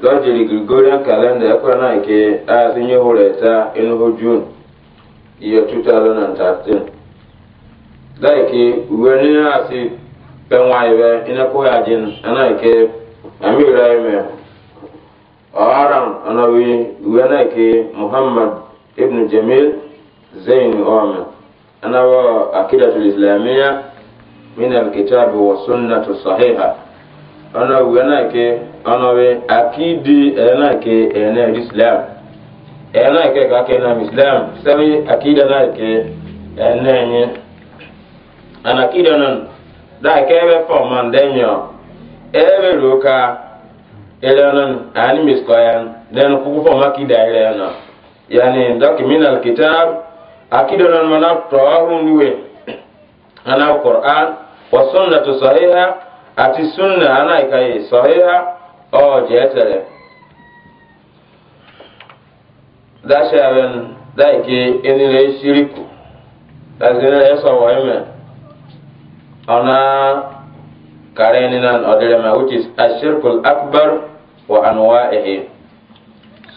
gọjiri gregorian calendar ekwere na nke azinye hụrụ eta enuhu jun ihe 2013 daike uwe nne asị penwa ibe inakwụghị na ana nke amira ime ọharam anawi uwe na nke muhammad ibn jamil zain ome anawa akidatul islamiyya min alkitabi wa sunnatu sahiha ọ̀nà wùwẹ́ náà ké ọ̀nà wẹ́ akidi ẹ̀ náà ké ẹ̀ náà rí islam ẹ̀ náà ké kàkẹ́ náà islam sẹ́mi àkídà náà ké ẹ̀ náà nyẹ́ àná àkídà náà dáa ké ẹ̀ bẹ́ fọ̀ màn dẹ́nyọ̀ ẹ̀ bẹ́ rò ká ẹ̀ lọ́nà àní mìsíkọ́ yẹn dẹ́nu kúkú fọ̀ má kídà ẹ̀ lẹ́yìn náà yẹn ni dọ́kìmínà kìtà àkídà náà mọ̀ náà ati sunna ana ikaye sahiha o jetere da shaben da ike inire shiriku da zina ya sawa ime ona kare ni nan odere ma which is ashirkul akbar wa anwa'ihi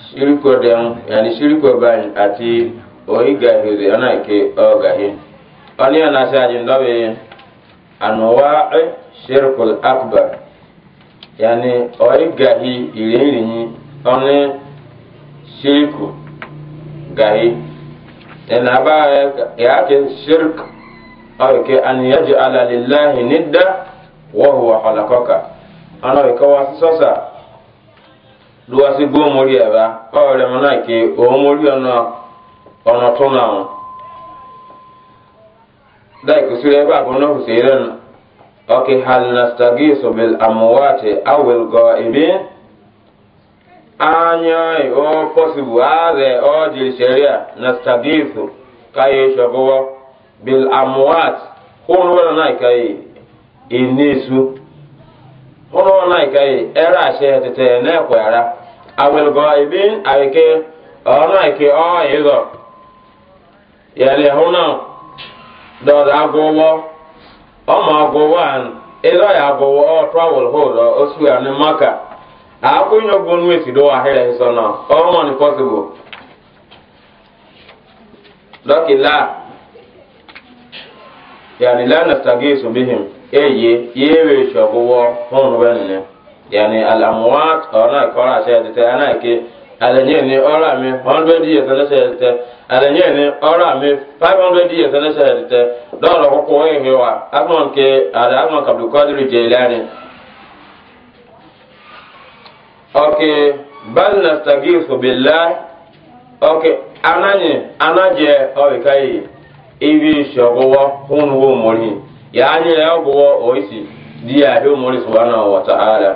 shiriku dem yani shiriku ban ati oyi gahizi ana ike o gahi oni ana shajin anuwa anwa'i shirkul akbar yani oyi gahi irinrinyi oni shirku gahi ina ba ya ke shirk oyi an yaji ala lillahi nidda wa huwa halakaka ana oyi ka wasu sosa duwasi gbọ́ mori ẹ̀ bá ọ̀rẹ́ mọ́nà ke òun mori okay hal nastagisu bil amwati aw al ghaibin anyoi o possible are o dil sharia nastagisu kaye shogowo bil amwat hono wala nai kaye inisu hono wala nai kaye era she tete ne kwara aw al ghaibin ayke ona ke o yigo yale hono do da ọmụ agwụwa ịlọ ya agwọwọ ọ trawul hụrụ osu ya ni maka akwụnye ogo nwa esi do ahịrị nsọ nọ e ọrụ mọni pọsibụl dọkịla yani la nastagi su bihim eye yewe shọgwụwọ hụrụ bẹnene yani alamuwa ọ na-akọrọ ashe ya dịta ya na-eke alenyeni ọrụ amị 100 years anaghị erite alenyeni ọrụ amị 500 years anaghị erite dọọrọ kwụkwọ ihe wa agụmọ nke ada agụmọ nke abdulkadir jelani ọkị bal nastagifu billah ọkị ananyị anaje ọbịkaghị ibi shọgụwọ hụnụwo mori ya anyị ya ọgụwọ oisi di ya ahịa mori subhanahu wa ta'ala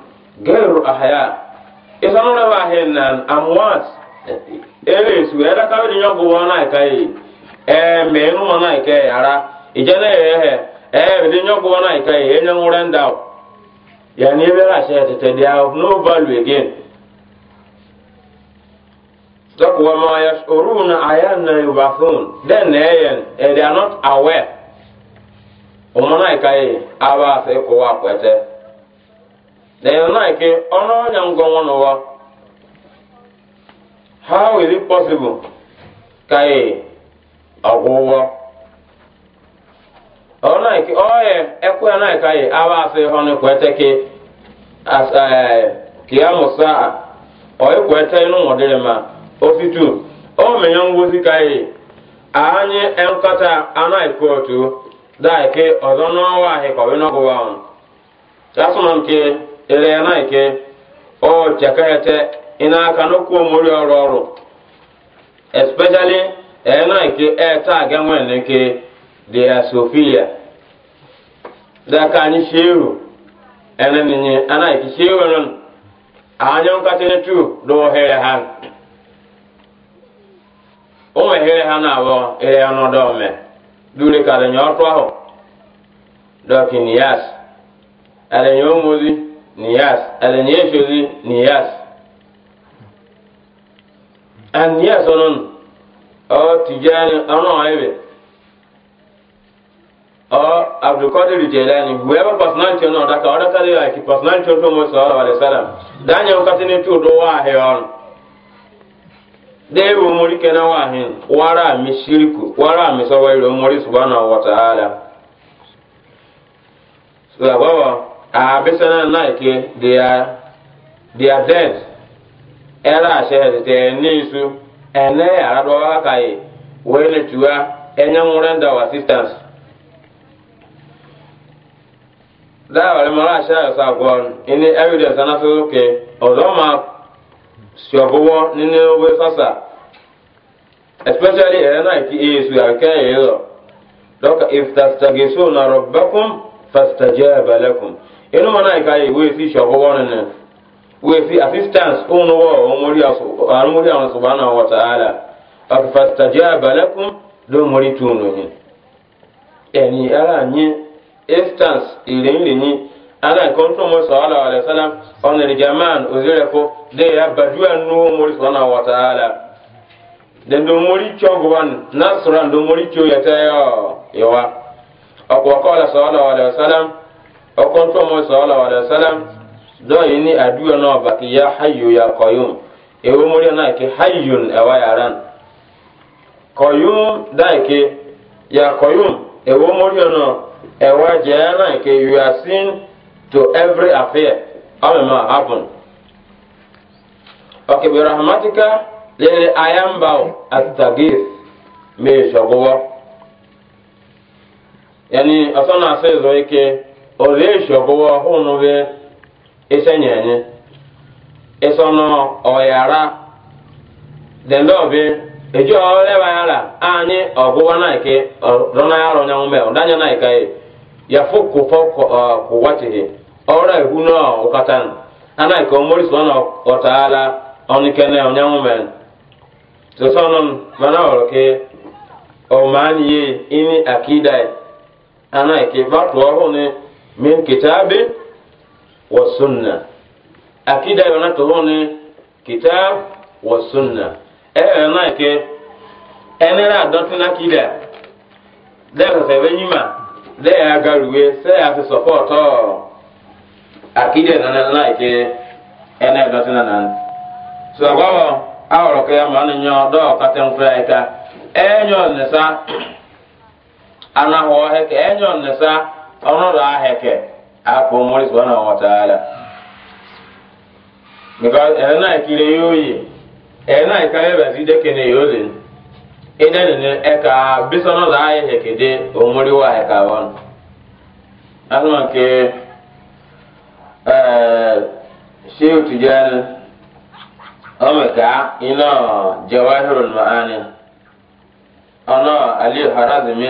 gairu ahya isanu na ba hen nan amwat ele su era ka ni nyogo wona kai e me nu wona kai ara ijana ehe e bi nyogo wona kai e nyan uren ya yani ebe ra she no value again Dok wa ma yashuruna yubathun then eh, eh, eh, they are not aware kai aba se ko wa kwete then like ọnụ ọnya ngwọnwụ n'ụwa how is it possible ka ị e ọgwụgwọ ọ like ọya ekwe ya like ayị awa asị hụ na kwete ke eh, kia musa ọ ikwete inu nwọdịrị ma o menye ngwozi ka ị e, anyị nkọta anaghịkwa otu daike ọzọ n'ọnwa ahịkọwe n'ọgwụwa ahụ ya nke ele na ike o chekahete ina aka n'okwu omori ọrụ ọrụ especially ele na ike eta aga nwere n'ike dia sofia daka anyị shehu ene ninye ana ike shehu nọ anya nkata ne tu do ohere ha o ohere ha na abọ ele ọnọdụ ome dure kare nye ọtụ ahụ dọkinias ele nye omozi niyas alenyeeshozi niyas an niyas onon o tijani ono ebe o abdulkadir jelani whoever ọ ono daka o daka de like personality ono mo sallallahu alaihi wasallam danya o katini tu do wa he on de wo mori kana wa hin wara mi shiriku wara mi sawai ro mori a bisana like they are they are dead era she te nisu ene ara do aka wee we ne tua enye nwure nda wa sisters da wale mara she sa gon ini evidence na so ke odoma siogowo nini obo sasa especially ene na ki isu ya ke yi lo doka if tastagisuna rabbakum fastajaba lakum eno mana ka ye we fi shogo wono ne we fi assistance ono wo omori aso omori aso subhanahu wa ta'ala afastajaba lakum do mori tunu ni eni ara nyi instance ile ile ni ala kontu mo sallallahu alaihi wasallam ona ni jaman ozire ko de ya badua no mori subhanahu wa ta'ala den do mori chogo wan nasran do mori choyo tayo yawa akwa qala sallallahu alaihi wasallam ọkọ̀ntọ́ ọmọ sọ̀rọ̀ wàlẹ̀ sálám yi ní àdúrà náà bàkì ya hayo ya kọ̀yùm èwo mọ́rí náà kí hayun ẹ̀wá yàrá kọ̀yùm da ike ya kọ̀yùm ewu mọ́rí náà ẹ̀wá jẹ́ náà kí you are seen to every affair ọmọ ma happen. ọkẹ́ bí rahmatika lẹ́lẹ́ ayámbáwò àtàgé mi ìṣọ̀gbọ́wọ́ yẹni ọ̀sán náà sẹ́yìn zọ́ ike. ozeshi ọbụwa ọhụrụ gị isenyenye isọnụ ọyara dendọbi eji ọrịa yara anyị ọgwụwa naike ọdọna yara onyanwụ mee ọdanya naika yafu kufọ kụwatihi ọrịa ihu na ụkatan anaika omori sọ na ọtaala ọnikene onyanwụ mee sọsọnụ mana ọrụ ke ọmaaniye ini akida e. anaike batu ọhụrụ min kitabi wa sunna akida yona to hone kitab wa sunna e na ke enera adonti na kida de ko se benyima de agaruwe se ya se support o akida na na ke ene adonti na nan so agbawo awọrọ ka ya ma ni nyo do ka tem fe ka enyo nesa anahọ he ka enyo nesa ọnụ ụlọ ahịa ke akpụ mmụrụ isi ọnụ ọnwata ala nke ọnụ na-ekiri oyi ee na-ekiri ebe si deke na ya ozi ịdị nne eka bisọ n'ụlọ ahịa heke dị omori wa heka ọnụ asụmọ nke ee eh, shi otu gị anụ ọ mịka ịnọ jewa ahụrụ n'ụlọ anị ọnụ alị harazimi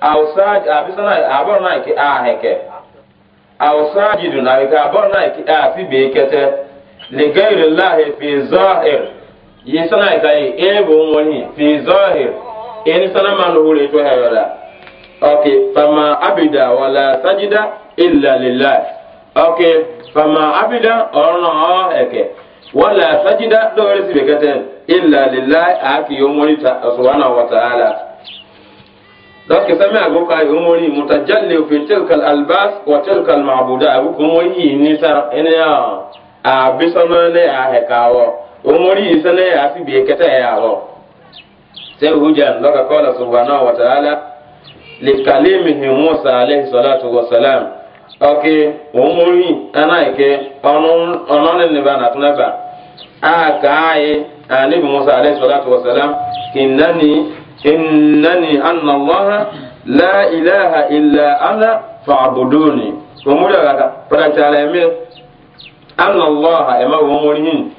awusaaji abisana abɔrɔ naa na a hɛkɛ awusaaji do naa ki abɔrɔ na ki a si bee kɛtɛ ligayiri lahi fi zɔhir yi sana ka yi ee bo ŋmɔni fi zɔhir ee sana ma no wuli to hɛrɛ la fama abida wala sajida illa lillah ok fama abida orna ɔ hɛkɛ wala sajida dɔwɛrɛ si bee kete illa lillah a ki yomori ta subhanahu wa ta'ala. donc sami ago ka yo mori mutajalli fi tilka al albas wa tilka al ma'buda abu ko mori ni sar ene ya a bisana ne a he kawo o mori isana ya fi be keta ya ro sai hujan daga qala subhanahu wa ta'ala li kalimihi musa alayhi salatu wa salam oke o mori ana ke onon onon ne ba na tunaba a ka ai anabi musa alayhi salatu wa salam kinani innani anna allaha la ilaha ana anna allaha ema wa mulihin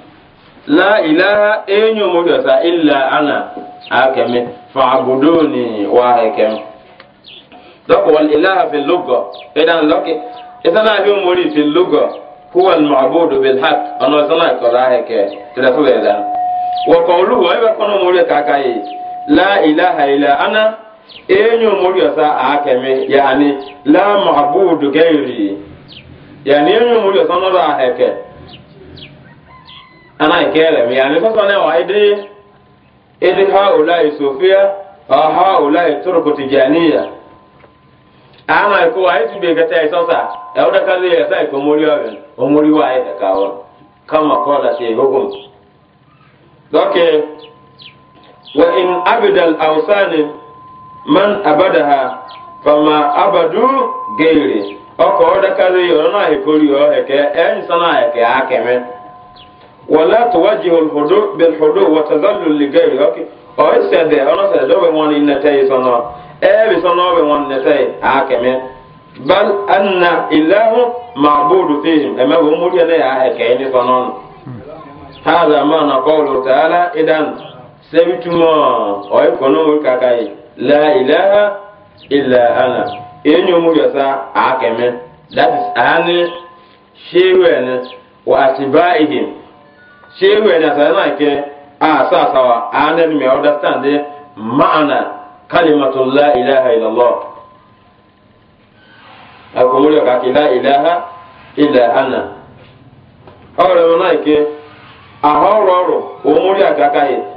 la ilaha enyo ana akeme wa hakem dako wal ilaha fil lugha idan loki idan ahi muri fil lugha huwa al ma'budu bil haqq ana sana ko la heke la ilaha illa ana enyo muri osa akeme yani la ma'budu gairi yani enyo muri osa no da heke ana ikere mi yani fa sone wa ide ide ha ulai sofia ha ha ulai turku tijaniya ama ko wa itu be gata isosa e oda kalle ya sai ko muri oben o muri wa ida kawo kama kola ti hukum doke okay. وإن عبد الأوثان من عبدها فما عبدوا غيري ọkọ ọdọkadì yọrọ náà ìkórè ọ ẹkẹ ẹyìn sanà ẹkẹ akẹmẹ wọlé àtọwájì olùfọdó bẹlfọdó wọtazálù lìgẹrì ọkẹ ọyẹsẹdẹ ọlọsẹdẹ dọwẹ wọn ní nẹtẹ yìí sọnà ẹẹbi sọnà ọwẹ wọn nẹtẹ bal anna ìlẹhùn màbúdù fihìm ẹmẹ wọn mú yẹn náà sebi tuma oye kono mo kaka ye la ilaha illa ana enyo a yosa akeme that is ani shewene wa atibaihim shewene sa na ke a sa sawa ana me understand eh, ma'ana kalimatu la ilaha ila-ana illa allah akomuli ka la ilaha ila ana ọrọ na ke ahọrọ ọrụ omori akaka ye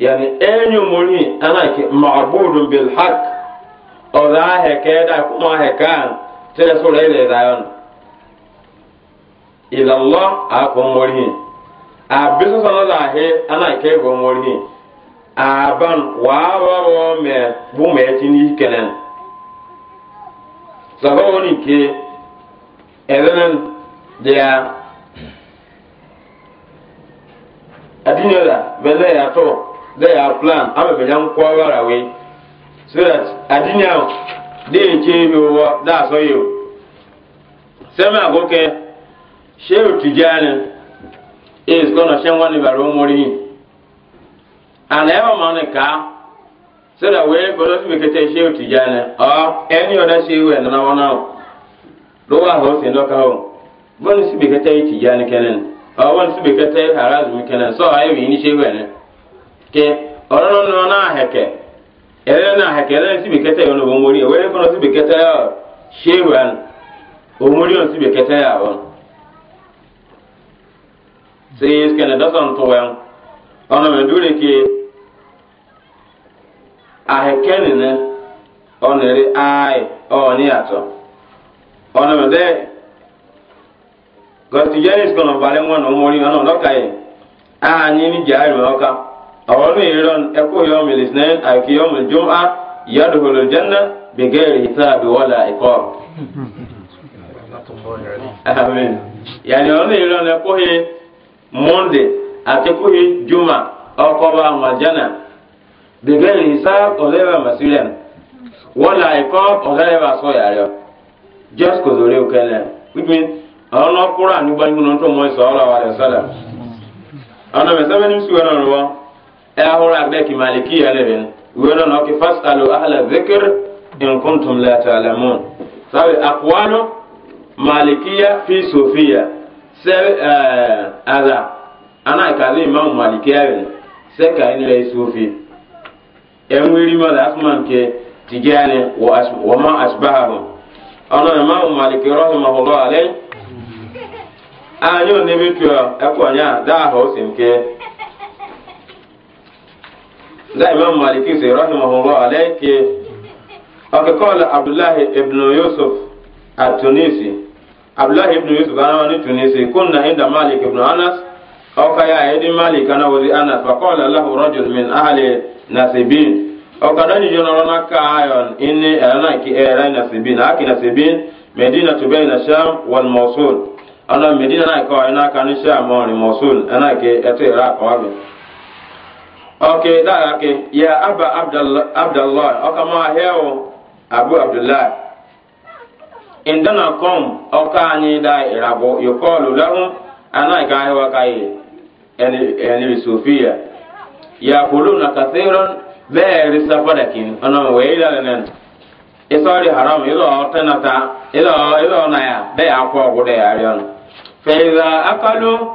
yani enyo muri ana ki ma'budun bil haq o da he ke da ma he kan tira so le le da yon ila allah a ko muri a bisu sana da he ana ke go muri a ban wa wa wa me bu me tini kenen sabo woni ke edanan dia adinya da bele ya to they are plan amebe ya nkwọ wara wee so that adini ahụ dị nche e ihe ụwa na-asọ ya sẹ́mi àgókè ṣéwù tìjáni is gonna ṣe wọn ní bàrà ọmọrí yìí àná ẹ̀ ọmọ ní ká sẹ́dà wẹ́ẹ́ bọ́lá síbi kẹtẹ́ ṣéwù tìjáni ọ ẹni ọ̀dá ṣéwù ẹ̀ nana wọn náà lọ́wọ́ àwọn ọ̀sẹ̀ ńlọ́ka o bọ́lá síbi kẹtẹ́ tìjáni kẹ́nẹ́ ọ bọ́lá síbi kẹtẹ́ harazu kẹ́nẹ́ sọ ayé mi ní ṣéwù ẹ̀ ke ọrụrụ nọ na aheke ere na aheke ere si bekete ya n'obo nwori ewere kono si bekete ya shewan omori on si bekete ya on sai iske na dasan tuwen ọnụ mai dure ke aheke ne ne ai atọ ọnụ mai nwa na omori ọnụ anyị ni jari ọka أولو يرون أكو يوم الاثنين أو يوم الجمعة يدخل الجنة بغير حساب ولا عقاب آمين يعني أولو يرون أكو هي موندي أتكو هي جمعة أو قبا والجنة بغير حساب أولو مسؤولين ولا عقاب أولو سويا just cause أولو كلا which means أولو قرآن يبقى يمنون تو موي صلى الله عليه وسلم أنا مسألة نمسي ورانوا ɛhoro agdɛki malikiya leben wero noki fasalu ahla dhikr in kuntum la talamun sabe aqwalu malikiya fi sufiya se ada ana kazi imam maliki ben se ka ni le sufi en ma da asman ke tijane wa ma asbahu ana imam maliki rahimahullah alayhi anyo ne bitu ekwonya da ho simke da imam maliki sai rahimahullah alayke aka kawala abdullahi ibn yusuf a tunisi abdullahi ibn yusuf ana wani tunisi kunna inda malik ibn anas aka ya yadi malik ana wuri anas fa kawala lahu rajul min ahli nasibin aka dani jonoro na kayon inni ana ki era nasibin aki nasibin medina tubaina sham wal mosul ana medina na kawai na kan sham wal mosul ana ke ete ra kawai ok daga ke ya abba abdallah o ahịa hewo abu abdullah indana kom o ka anyi da irabo yukolu lahum ana ka hewa kai eni eni ya kuluna kathiran very safadakin ana weila nan isori haram ilo tanata ilo na ya be akwa gude ya akalu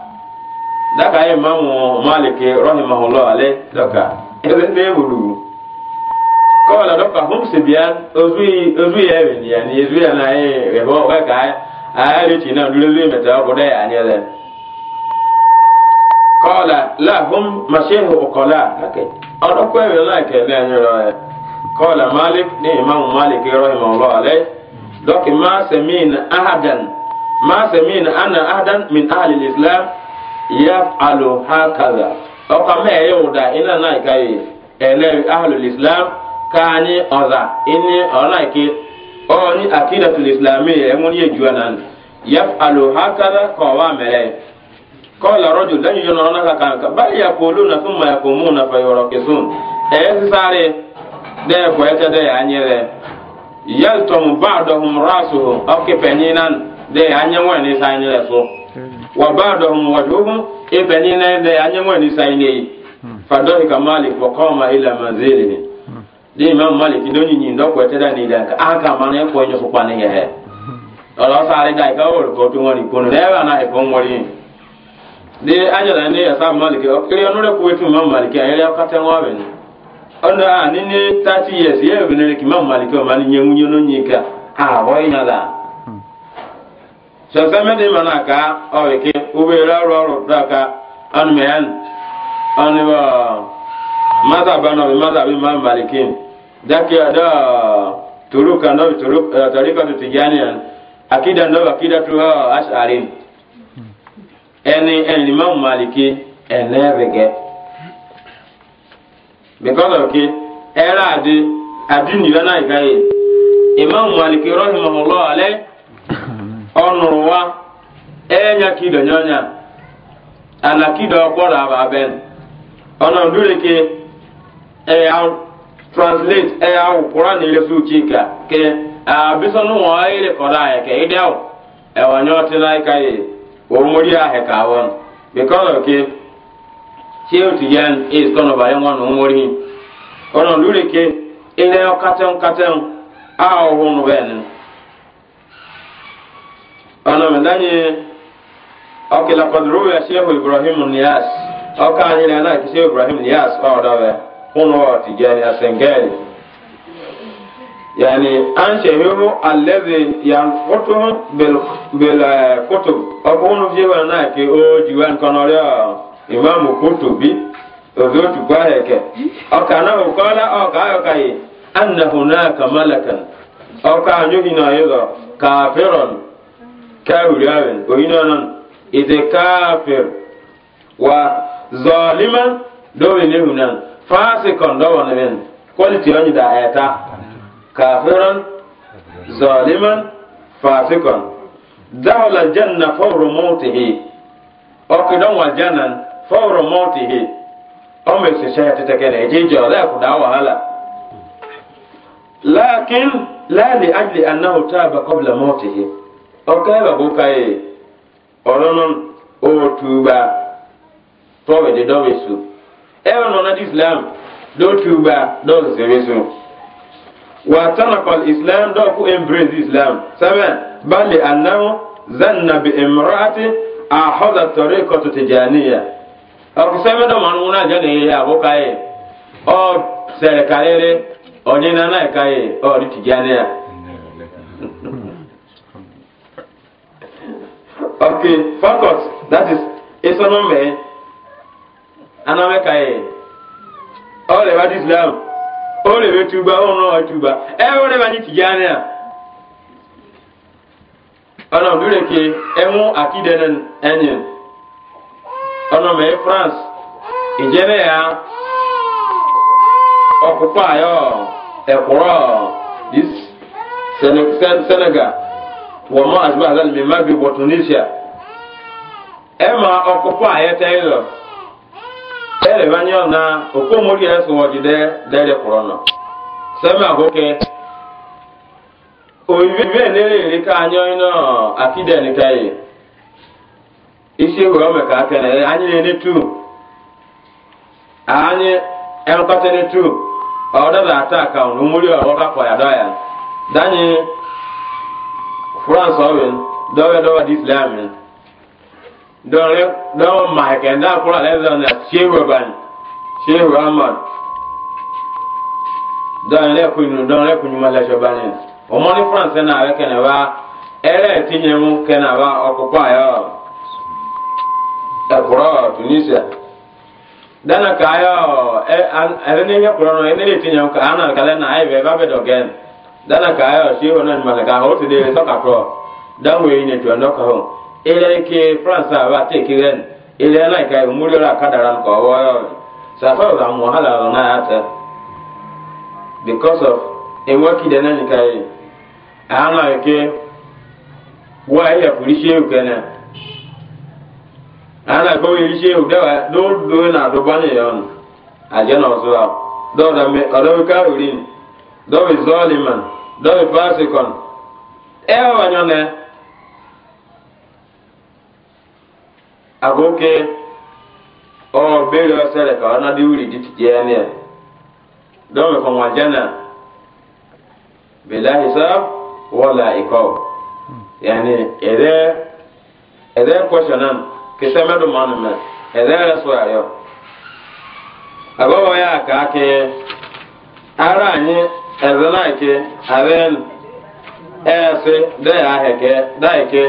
daka ma mamu maliki rahimahullah ale daka ebe ne bulu kọla dɔ e, ka si sibiyan ozu yi ozu yɛ bɛ ni yanni ezu yɛ na ye ɛbɔ ɔbɛ ka ye a yɛ na tina dule zu yi mɛ tɛ ɔbɔ dɛ yɛ anyɛ lɛ la hum masihu ɔkɔla ake ɔdɔ kɔ ɛbɛ na kɛ ne anyɛ lɛ ɔyɛ e. kɔɔla malik ne mamu maliki rahimahullah ale dɔki maa sɛmin ahadan maa sɛmin ana ahadan min ahli islam. yaf'alu hakaza ọka mee yi wuda ina na ka yi elewi ahlul islam ka anyị ọza ini ọna ike ọni akidatul islami enwere ihe juwa yaf'alu hakaza ka ọwa mere kọla rọjò lẹyìn yọnà naka kàkà nǹkan báyìí yàkóló na e e na fayọrọ kìsùn ẹ̀ sísáré dẹ́ẹ̀kọ́ ẹ̀ nyinan wa ba'dahum wajuhum ibani na de anyamwa ni saine hmm. fadoi kamali wa qama ila manzilihi hmm. de imam malik ndo nyi ndo tada ni ah, hmm. da ka aka mana ko nyo so pani ye ọlọ sáré dá ìka wọlé kó tó wọn ní kónú lẹ́yìn àná ne a yẹrẹ a ni years ne maliki o ma ni nyẹ ŋun n'o a la. Ah, sɛsɛmɛ de mana ka ɔyɛ oh, ke ube rɔrɔ rɔ da ka ɔnu mɛ yan ɔnu bi bi ma maliki daki ɔdɔ tulu kan dɔ bi tulu ɛ tɔri kɔtu ti jaani akida dɔ bi akida ɛni maliki ɛnɛ bi because of ke ɛra adi adi nira ka ye imam maliki rɔhimahulahu alɛ. ọnụrụ e e e wa enya kido nyonya ana kido ọkwọrọ ababen ọnọ ndure ke eya translate eya kwụra na iresu uche ka ke abisọnụ nwa ire kọrọ ahịa ka ịdị ahụ ewa nye ọtịla ịka ya omori ahịa ka awọ bikọrọ ke ṣé o ti yan is tọnọ bàyẹ nwa na omori ọnọ ndure ke ire ọkatẹn katẹn ahụhụ nụ ana mendanye oke laqad ya shehu ibrahim niyas oka anyere na ki shehu ibrahim niyas o dawe kunu o tijani asengeli yani an shehu alladhi yanfutuhu bil bil eh, kutub okunu jewa na ki o jiwan konore imam kutubi ozotu kwa heke ka na ukola oka okai anna hunaka malakan oka anyuhi na yido kafirun kafir yawen oyino non ite kafir wa zaliman dowe ne hunan fasikon dowa ne men kwaliti onyi da ayata kafiran zaliman fasikon dawla janna fawru mawtihi okidon wa jannan fawru mawtihi ọmọ ìṣẹ̀ṣẹ̀ ẹ̀ tẹ̀tẹ̀ kẹrẹ̀ ẹ̀jẹ̀ ìjọ lẹ́ẹ̀kúdà wàhálà láàkín láàlì àjìlẹ̀ anáhùn táàbà kọ́bìlà mọ́ọ̀tì yìí ọkẹ́rọ̀ kó ka yìí e, ọ̀rọ̀ nọ òtùgbà tọ́wẹ̀ dé dọ́wẹ̀ so ẹ̀rọ nọ náà di islam dọ́tùgbà so wata tánàkọ̀ islam dọ́kú embrace islam sẹ́wẹ̀ balẹ̀ anáwó zannabi emirati ahoza tọrọ ikọtù tìjànìyà ọkọ sẹ́wẹ̀ dọ́mọ̀ na náà na ka e, ọ sẹ̀rẹ̀ ya. okay focus that is esono mɛ anamɛ ka yɛ eh. ɔlɛ wa di islam ɔlɛ bɛ tuba ɔnɔ oh, wa tuba ɛ ɔlɛ wa di tijani a ɔnɔ lórí ke ɛmu akidɛ nɛ ɛnyɛ ɔnɔ mɛ france ìjɛnɛ ya ɔkupa yɔ ɛkurɔ dis senegal wɔmɔ asuba azali mi magbe wɔ tunisia. ema ọkụkọ a ete ịlọ erebanye na okomori esowo jide dere kwụrụ nọ sema hoke oyibe nere eri ka anyị ọnụ akiden ka yi isi ewe ome ka aka anyị na-ene tu anyị enukọta ne tu ọdọdọ ata aka omori ọrọta kwa ya dọya danyi france ọwin dọwa dọwa dị islam dɔre dɔw mahi kɛnda kura lɛ zan na shehu ban shehu ahmad dɔn lɛ kunu dɔn lɛ kunu ma lɛ ban yɛ o france na awɛ kɛnɛ wa ɛrɛ ti nyɛ mu kɛnɛ tunisia dana ka ayɔ ɛ ɛrɛ ne nyɛ na nɔ ɛne de ti nyɛ ka ana na ayi bɛ ba bɛ dɔ gɛn ka na nyuma lɛ ka o ti de sɔ ka yi ne ka hɔn. ilẹ̀ ike france àbá tèké rẹ̀ ilẹ̀ náà ìka ìmúlẹ̀ rà kádàrà nǹkan ọwọ́ rẹ̀ sàfẹ́ ọ̀rọ̀ àwọn wàhálà ọ̀rọ̀ náà àtẹ of ewu kìdẹ̀ náà nìka yìí àwọn náà e ke wọ́n ayé àforíṣe ewu kẹ́nẹ̀ ewu agoke o bere o sere ka na di uri dịtịtị jene do me kon wajana bila hisab wala ikaw yani ere ere questionan ke sama do man me ere la so ayo ya ka ke ara anyi ere na ke aren ese de aheke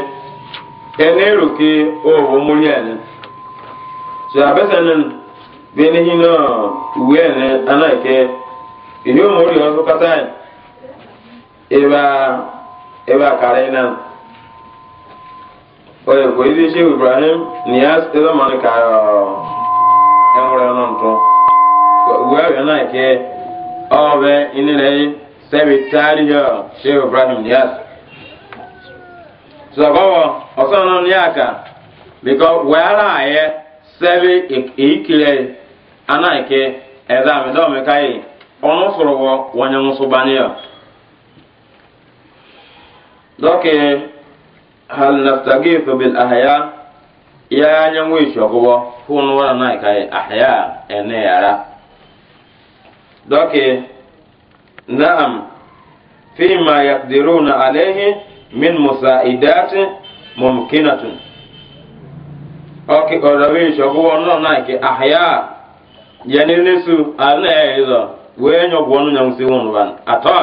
ene roke owo muri ene so abesenen bene hino uwe ene anaike iyo muri ozo kata e, eba eba karena oye ko ile shehu ibrahim niyas ezo mani ka enwere ọnụ ntụ uwe ọrịa anaike ọbẹ inire sebi tari ya shehu ibrahim niyas sɔgɔbɔ ɔsɔnɔ ni a kan because wɛɛrɛ a yɛ sɛbi eyi kile ana yi ke ɛzami dɔw mi ka yi ɔnu sɔrɔ wɔ wɔnyɛmusobani yɛ dɔke hali naftagi tobil ahaya ya nyɛngu yi fún na yi ka yi ahaya ɛnɛ yara dɔke naam fi ma yadiruna alehi. min musaidati mumkinatun oke ọ̀rọ̀wé ṣọ̀gbọ́n náà náà kí àhíyá yẹni nísù àná ẹ̀ ìzọ̀ wẹ́ẹ́ nyọ̀gbọ́n náà ń sí wọn wọn àtọ́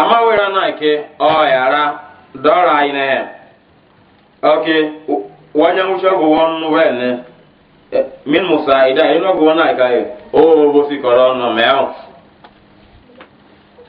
àmàwéra náà kí ọ̀yàrá dọ́ra iná ẹ̀ oke wọ́n nyẹ́ ń ṣọ́gbọ́n wọn wẹ́ẹ̀ ní min musaida ẹ̀ ní ọgbọ́n náà kí ọ̀rọ̀ bó sì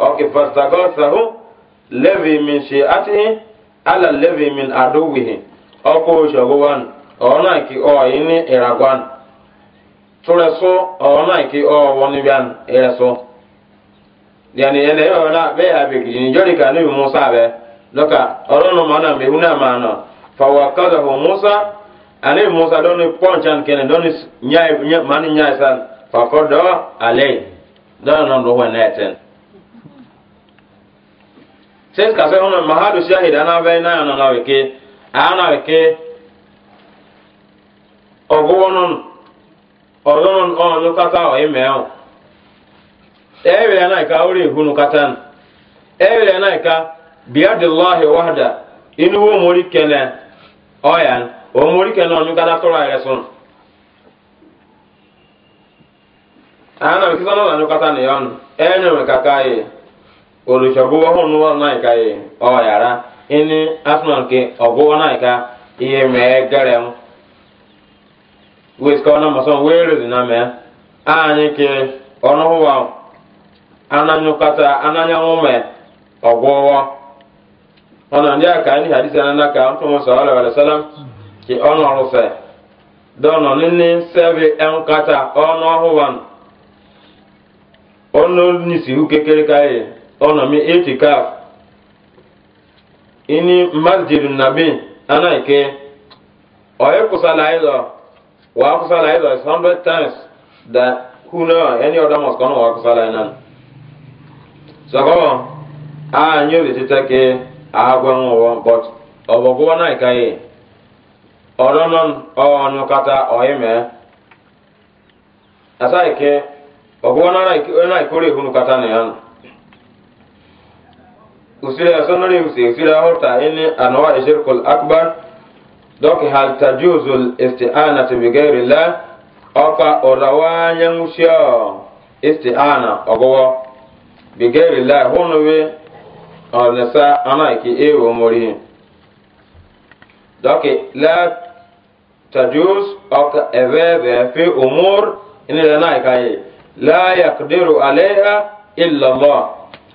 ok fastagasahu levi min shi'atihi ala levi min aduwihi ọkọ ṣọgbọn ọ̀nà kí ọ̀yí ní ìràgbọ́n túrẹ̀sọ ọ̀nà kí ọ̀wọ́ níbíàn ìrẹsọ. yẹni ẹnẹ yóò rà bẹ́ẹ̀ àbẹ̀kì ìjọ́rì kan níbi musa bẹ́ẹ̀ lọ́kà ọlọ́run mọ́ náà mẹ́hún náà máa nà fàwọn akọ́sọ̀fọ̀ musa àní musa lóní pọ́ǹchán kẹ́ni lóní mani nyáìsán fàkọ́dọ̀ àlẹ́ dáná lọ́wọ́ náà tẹ́ni. sen ka sai wannan mahadu shahid ana bai na yana na a ana wike ogonon ogonon on kaka o imeo ebe na ka ori hunu katan ebe na ka biyadillahi wahda inu wo mori kene oyan o mori kene on ka da to ana na yon olusogobo hono nai ka ye o yara ini asman nke ogobo nai ka iye me garem wes ka ona maso were dina me anyi ke ono huwa ananyo kata ananya ume ogobo ona ndi aka ni hadisi anana ka muhammad ọ̀nà mi etikaf ini masjid nabi ana ke oye kusala ido 100 times da kuna any other mosque kono wa ina so ko a nyo bi tita ke a gwa but obo na ka ye oronon o nyo kata oye me asa ke obo na na ikore hunu kata ne usira sanari usi usira horta ini anwa ishirkul akbar doki hal tajuzul isti'anatu bi ghairi llah oka orawanya ngusyo isti'ana ogowo bi ghairi llah honowe onesa anaiki ewo mori doki la tajuz oka eveve fi umur ini lanaikaye la yaqdiru alaiha illa allah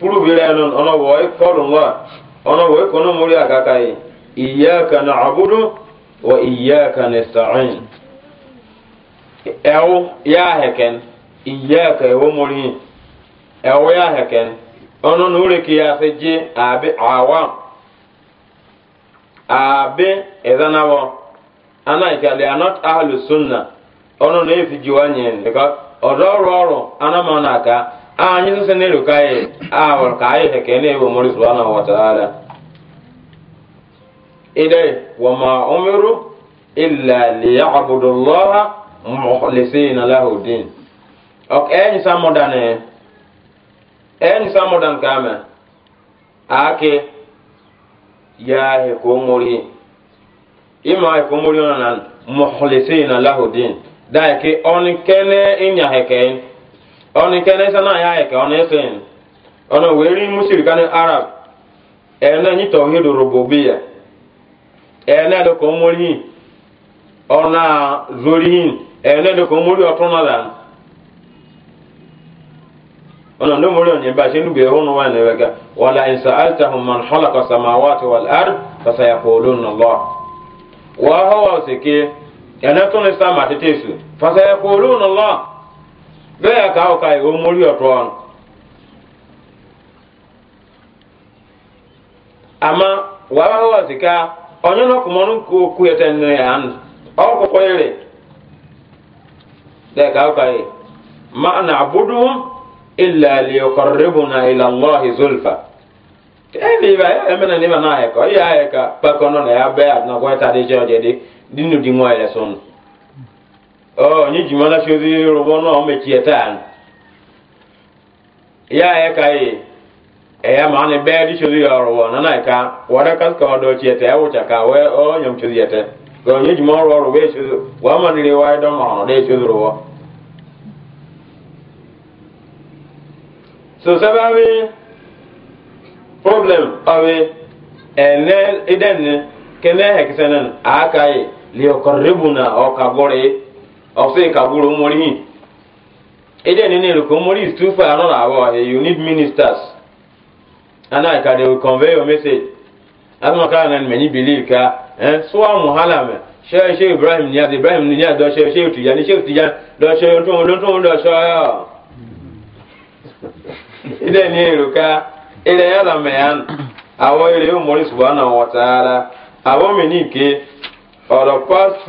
puru bere non ono wo e korun wa ono wo e kono muri aka kai iyyaka na'budu wa iyyaka nasta'in ewo ya heken iyyaka ewo muri ewo ya heken ono nure ki ya seje abi awa abi ezanawo ana ika they are not ahlu sunna ono ne fi jiwanyen ka odoro oro ana manaka anyị sịsị na elu kaị awụrụ ka anyị heke na-ewu mori subhana wa ta'ala ide wa ma umiru illa liya'budu allaha mukhlisina lahu din ok kama ake ya he ko mori ima he ko mori onan mukhlisina lahu din da ke on kene oni kene sana ya ke oni sen ono weri musirika ni arab ene ni tawhid rububiyya ene do ko mori ona zorihin ene do ko mori otona dan ono ndo mori onye ba shenu be hono wa ne wega wala in sa'altahum man khalaqa samawati wal ard fasayaquluna allah wa huwa sikee ene to ni sama tetesu fasayaquluna allah dɔya ka aw ka ye o mori ama wàá wá wá sika ɔnyɔnɔ kumɔnu ko kuyɛtɛ nɛ ya ɔwɔ kɔkɔ yɛlɛ dɔya ka aw ka ma na abuduhum illa liyuqarribuna ila allahi zulfa ɛni e ba ɛ e mɛna ni ma na yɛ kɔ y'a yɛ ka nọ na y'a bɛɛ a dunakɔ ta de dinu di ŋɔ Oh, ni jima na shozi robo no me chietan. Ya e kai. E ya mane be di shozi ya robo na na ka. Wada kas ka do chiete ya ucha ka we o nyom chi yete. Go ni jima ro ro be shozi. Wa ma ni wa do ma no de shozi robo. So sabawi problem awi enel iden ke ne hekisenen akai li okoribuna okagore ọsẹ kagburu yi ịdị ede nene eruko omori is too far another hour eh, you need ministers and i can eh, convey your message asoma kaa nan mẹni believe ka ẹn soa muhala mẹ ṣe ṣe ibrahim ni adi ibrahim ni adi ọṣẹ ni ṣe òtìyà lọṣẹ ọdún ọdún lọṣọ ọ ede na eruka ede yàrá mẹyan àwọn èrè omori subahana wọtaara àwọn ọ pass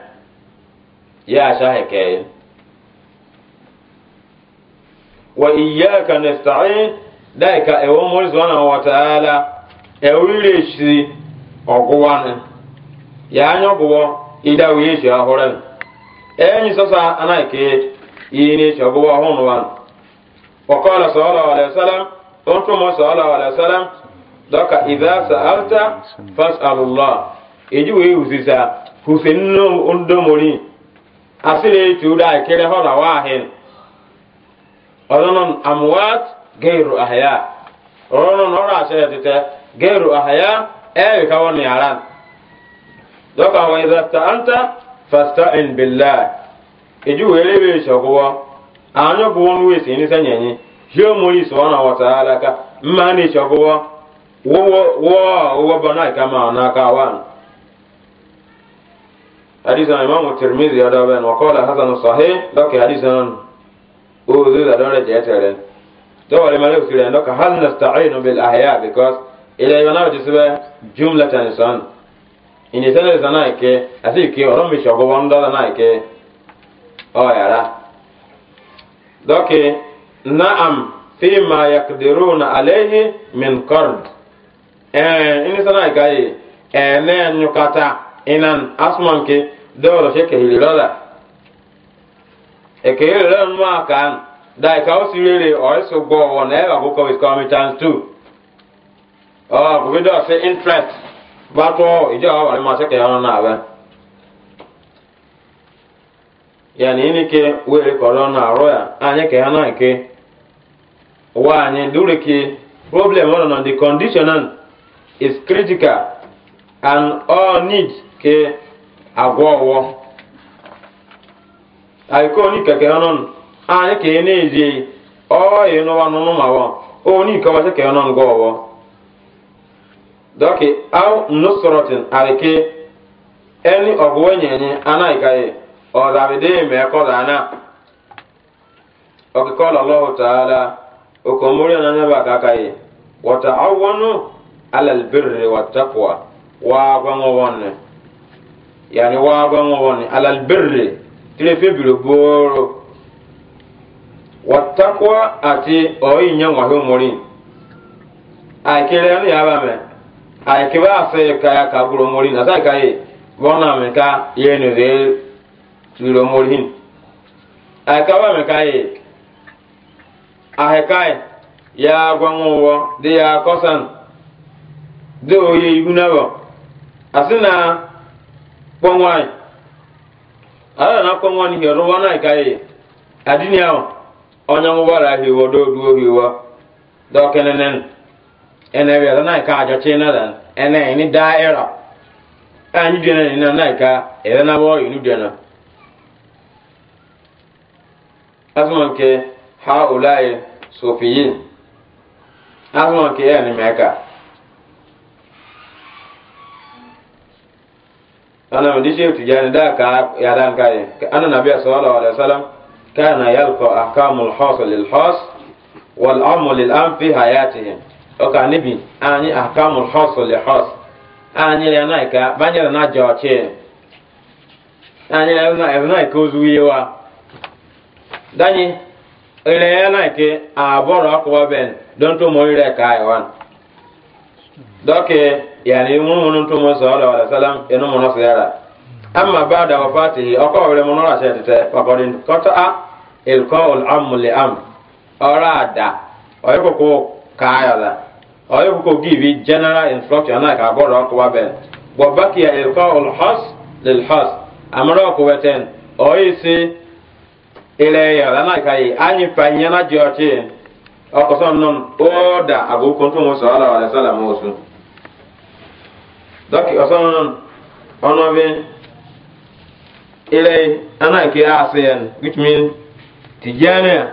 ya sha wa ka nasta'in daika ewo mori subhanahu wa ta'ala ewire shi ogwani ya anya obuwo ida wiye shi ahore enyi sasa anaike yini shi obuwo hunu wan wa qala sallallahu alaihi wasallam untu mu sallallahu alaihi wasallam daka idza sa'alta fas'alullah eji wiye uzisa husinnu asiri tuura kere hola wahin odonon amwat geiru ahya odonon hora asere tete geiru ahya ewi kawani aran doka wa idha ta'anta fasta'in billah iju welebe shokuwa anyo buwon wesi ni sanyanyi yo mori subhanahu wa ta'ala ka mani shokuwa wo wo wo bana kama na kawan حديث الإمام الترمذي أدابا وقال حسن صحيح لك حديث أوزيز أدابا جيتر دوا لما يكسر لك هل نستعين بالأحياء because إلى يبنى جسبة جملة نسان إن سنة سنائك أسيك ورمي شغوان دادا نائك أو يرى دوك نعم فيما يقدرون عليه من قرض إن سنائك أي أنا نكتا inan asman ke dawra she ke hilirala e ke hilirala ma kan dai ka o sirere o eso go won e ba ko is coming chance too oh ko bi do se interest ba to ijo wa ma se ke Ya na ba ya ni ke were corona ro ya anye ke yana ke wa anye dure ke problem on the condition is critical and all needs ke agwa ọwọ àìkó ní kẹkẹ ọ̀nà ààyè kèé ní èdè ọ̀ọ́yè ní wa nínú màwọ̀ ó ní ìkọ́ wáṣẹ́ kẹkẹ ọ̀nà gọ́ ọwọ́ dọ́kì áwọ̀ nùsọ̀rọ̀tìn àríkè ẹni ọ̀gbọ̀wọ̀ nyẹ̀nyẹ anáìkáyè ọ̀dàbìdé mẹ́kọ́ dáná ọ̀kẹ́kọ́ lọ́lọ́wọ́ tààlà okòmórí aka nyẹ́bà kàkàyè wọ́tà áwọ̀nù alàlbìrì wàtàkùwà wàá gbọ́ngọ́ wọ́n yani waagongo woni alal birri tire febiro booro wattakwa ati oyi nyangwa hu muri ay kereyanu yabame ay kiba ya kaya kaguro muri na sai kai bona me ka yenu de tiro muri hin ay kaba me kai ay kai ya gwanwo de ya kosan de oyi yunawo asina kpɔŋwai ala na kpɔŋwani hi ɔdɔ wɔnai ka ye adini awo ɔnyango bɔra hi wɔ do duo hi wɔ dɔ kɛnɛ na dan ni daa na na wɔ yinu dua na asuma ke ha sofiyin ya ana ndi shehu tijani da ka ya dan kai ana nabi sallallahu alaihi wasallam kana yalqa ahkamul hasil lil has wal amr lil am fi hayatihim o ka nibi ani ahkamul hasil lil has ani ya nai ka banyere na joche ani ya na na ko zuwiwa dani ile ya nai don to mo ire kai wan doke yani mun mun tun mun sallallahu alaihi wasallam enu mun sayara amma ba'da wafatihi o ko mun ra sai te faqadin qata'a ilqa'ul am li am orada o yoko ko kaya la o yoko ko give general instruction na ka boro ko wa be bo bakiya ilqa'ul has lil has amara ko weten o isi ile ya la na kai anyi panyana joti o ko son oda abu kuntum sallallahu alaihi wasallam dɔki ɔsɔn ɔnɔ bi ilẹ ana ke asean which mean tijaniya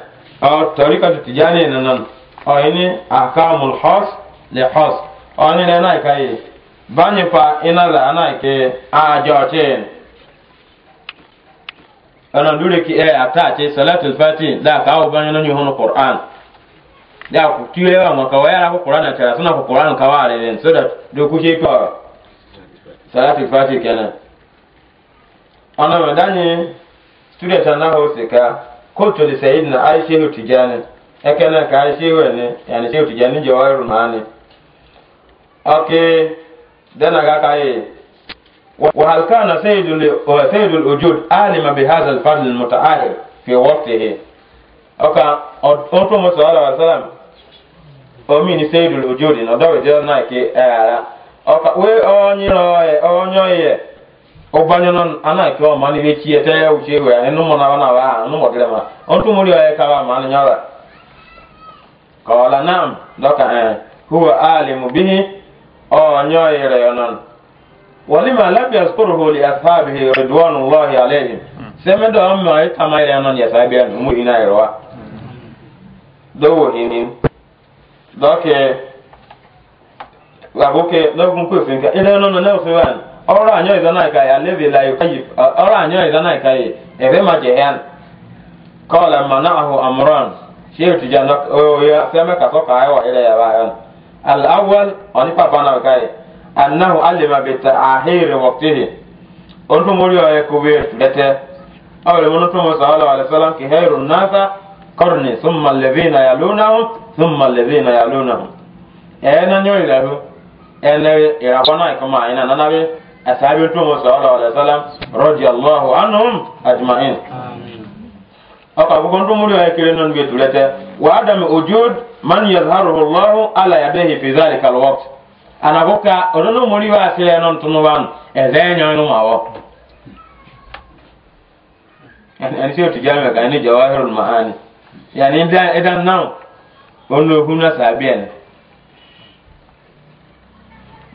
or tariqa to tijaniya nanan or ini akamul hos le hos or ni ana ka yi bani fa ina la ana ke a jọce ana dure ki eh ata ce salatul fati da ka o bani nan yohon qur'an da ku tiye wa maka waya na qur'an ta suna qur'an ka wa ne so da do ku je salati fati kenan ana ma dani student na ho se ka na li aisha hu tijani e kenan ka aisha hu ne yani shehu tijani je wayru mani okay dana ga kai wa hal kana sayyidul sayyidul wujud alima bi hadha al fadl al mutaahir fi waqtihi oka oto mo sallallahu alaihi wasallam o ni sayyidul wujud no dawe je na ke eh, ara ọka we onye roye onye oye ubanyonon ana ke ọma na be chi ete ya uche we anu mo na na wa anu mo dilema on tu muri oye kala man nyala qala nam doka eh huwa alimu bihi onye oye re onon walima lam yazkuruhu li ashabihi ridwanullahi alayhim semedo amma itamaire anon ya oke lọ́gùn kò fi nǹkan ilé nínú náà fi wáyé ọ̀rọ̀ àyàn ìdáná ìka yà lébi láyé káyì ọ̀rọ̀ àyàn ìdáná ìka yì ẹ̀fẹ́ máa jẹ̀ yẹn kọ́ọ̀lá mọ̀nà àhùn àmúràn ṣé ètùjà ọ̀yà fẹ́mẹ́ kàtọ́ Al awal ilé yàrá yẹn aláwọ̀l ọ̀nípa bánà ìka yì anáhùn alèmà bìtà àhẹ́rẹ́ wọ̀tíhì ontumori ọ̀yẹ kúbi lẹ́tẹ́ ọ̀rẹ́ wọn tún mọ̀ sọ̀rọ̀ alẹ́ sọ́lá kì hẹ́rù náà kọ́rùnì súnmọ̀ lẹ́bí náà yà lónà ẹnẹ ìràpọnà ìkọmọ àyìnà nanabe ẹsàbí tó mọ sọlọ ọlẹsàlám rọdì allahu anhum ajumahin. ọkọ àkókò tó múlò ẹkẹrẹ nínú bíi tùlẹtẹ wà á dàmì ojúd man yazharuhu allahu alayade hifizari kalwọt. anaboka ọdọdọ múlò wà sílẹ ẹnu tunu wa ẹdẹ ẹnyọ inú ma wọ. ẹni tí tìjà mi kàn ní jawahirul ma'ani yàní ẹdá náà ọ̀nà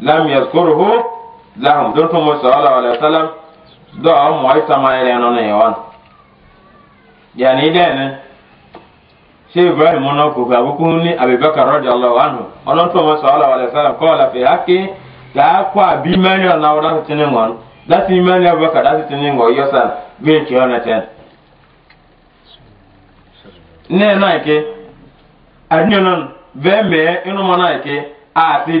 lam yadhkuruhu lahum don to sallallahu alaihi wasallam do mo ay tamayre no ne wan yani den se ibrahim no ko ga ko ni abubakar radiyallahu anhu onon to sallallahu alaihi wasallam qala fi haqqi la kwa bi manya na wada tinin wan da ti manya abubakar da ti tinin go yosa be ki ona ten ne na ke adnyonon be me inu mo na ke ati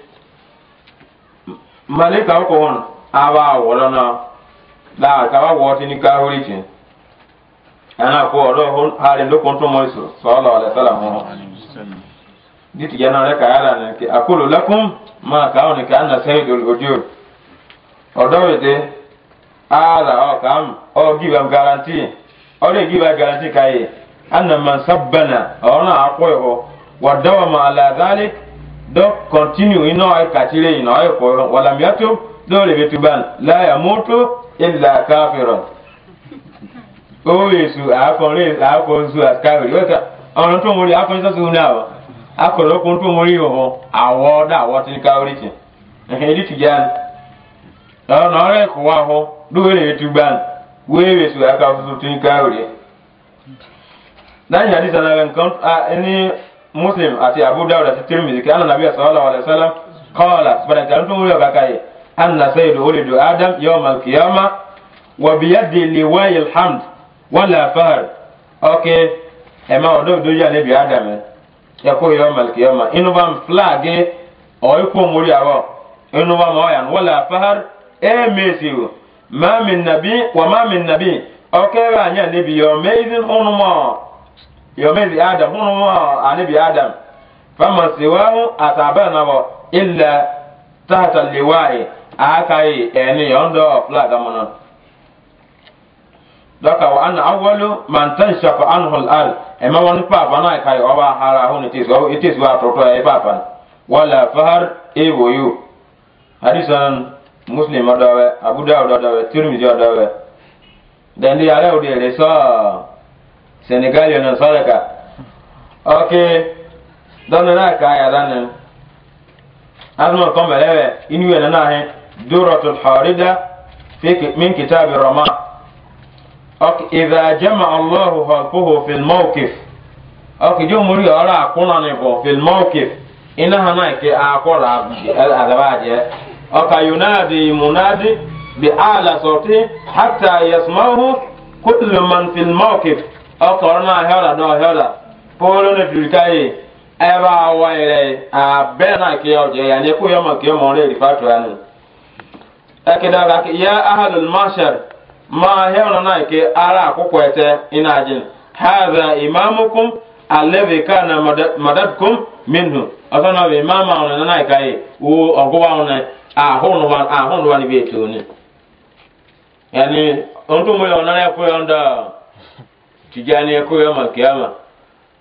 malaika ko won awa worona la ka wa woti ni ka horiti ana ko oro hon hare ndo konto moiso sallallahu alaihi wasallam diti jana re ka ala ne ke akulu lakum ma ka on ka anna sayyidul wujud odo de ala o kam o give am guarantee o de give am guarantee kai anna man sabbana ona akoyo wa dawama ala dhalik donc continue ino ay katire ino ay ko wala miyato dole be ban la ya moto illa o yesu a ko re a ko a wata to mori a ko so su na o a ko ko to mori o awo da awo ti kawri ti e di ti jan o no re ko wa ho we yesu a ka su ti kawri na di sana ni muslim àti abu dawud àti tirmidhi kí anna nabiyya sallallahu alayhi wa sallam qala bàtàkì tó ń wúlò bàkà yìí anna sayyidu wulidu adam yawm al-qiyama wa biyadi liwayi alhamd wala fahar ok ẹ máa wọn dọ́wọ́ dojú àlebi adam Ya kó yawm al-qiyama inú bá ń flag ọ̀ọ́ ikú omori àwọ̀ inú bá máa yàn wala fahar ẹ Ma min nabi, wa ma min nabi. Okay, nàbí ọkẹ́ rà ní àlebi yọ̀ mẹ́rin yomezi adam hunu mo anabi adam fama siwahu atabana bo illa tahta liwai akai eni ondo flag amono doka wa ana awwalu man tanshaqa anhu al-ard ema won pa bana kai oba hara hunu tis o itis wa toto e papan wala fahar e woyu hadisan muslim adawe abu dawud adawe tirmidhi adawe dan dia ala udere so senegal yana sadaka ok dɔnni naa kaa yàrá ni asuma kɔn bɛlɛ bɛ inu yɛlɛ n'a hɛ durotu xɔrida min kitaabi roma ok idà jama allahu halkuhu fil mawkif ok jo muri ɔrɔ akuna ni bɔ fil mawkif ina hana ke akɔra adaba jɛ eh. ok yunadi munadi bi ala sɔti hatta yasmahu kullu man fil mawkif. ọkọrọ na ahịọla na ọhịọla polo na turika yi ebe awa ire abe na ke ọjọ ya nye kwuo ma ke mọ na erifa to ya ekidaga ya ahadul mashar ma ahịọla na ke ara akwụkwọ ete inajin hadha imamukum alladhi kana madadkum minhu ọsọ na bụ imam ahụ na ka yi wo ọgụwa ahụ na ahụ nụwa ni bi etu ni yani ontu mo yo ọ nara ko ya ndo tijani ekoyo ma kiyama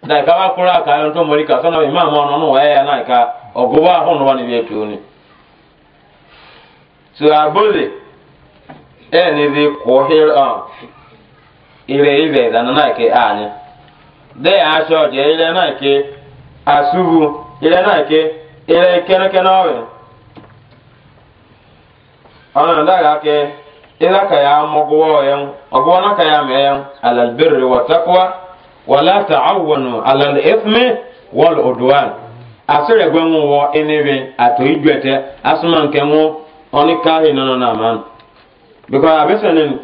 na ka ba kura ka yon to mori ka sana be ma ma no ya na ka ogoba ho no wani betu ni so abole e ni di ko here on ile ile da na ke anya de a so je ile na ke asubu ile na ke ile kene kene owe ona ndaga ke ila ka ya mogwo yan ogwona ka ya meyan alal birri wa taqwa wala ta'awwanu alal ithmi wal udwan asere gwenwo wo enebe ato ijwete asuma nke nwo na ka hi no na man because abesanin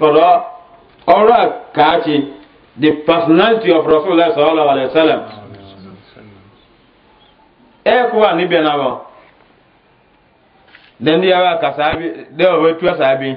kachi the personality of rasulullah sallallahu alaihi wasallam e kuwa ni benabo dendi ya ka sabi de o wetu sabi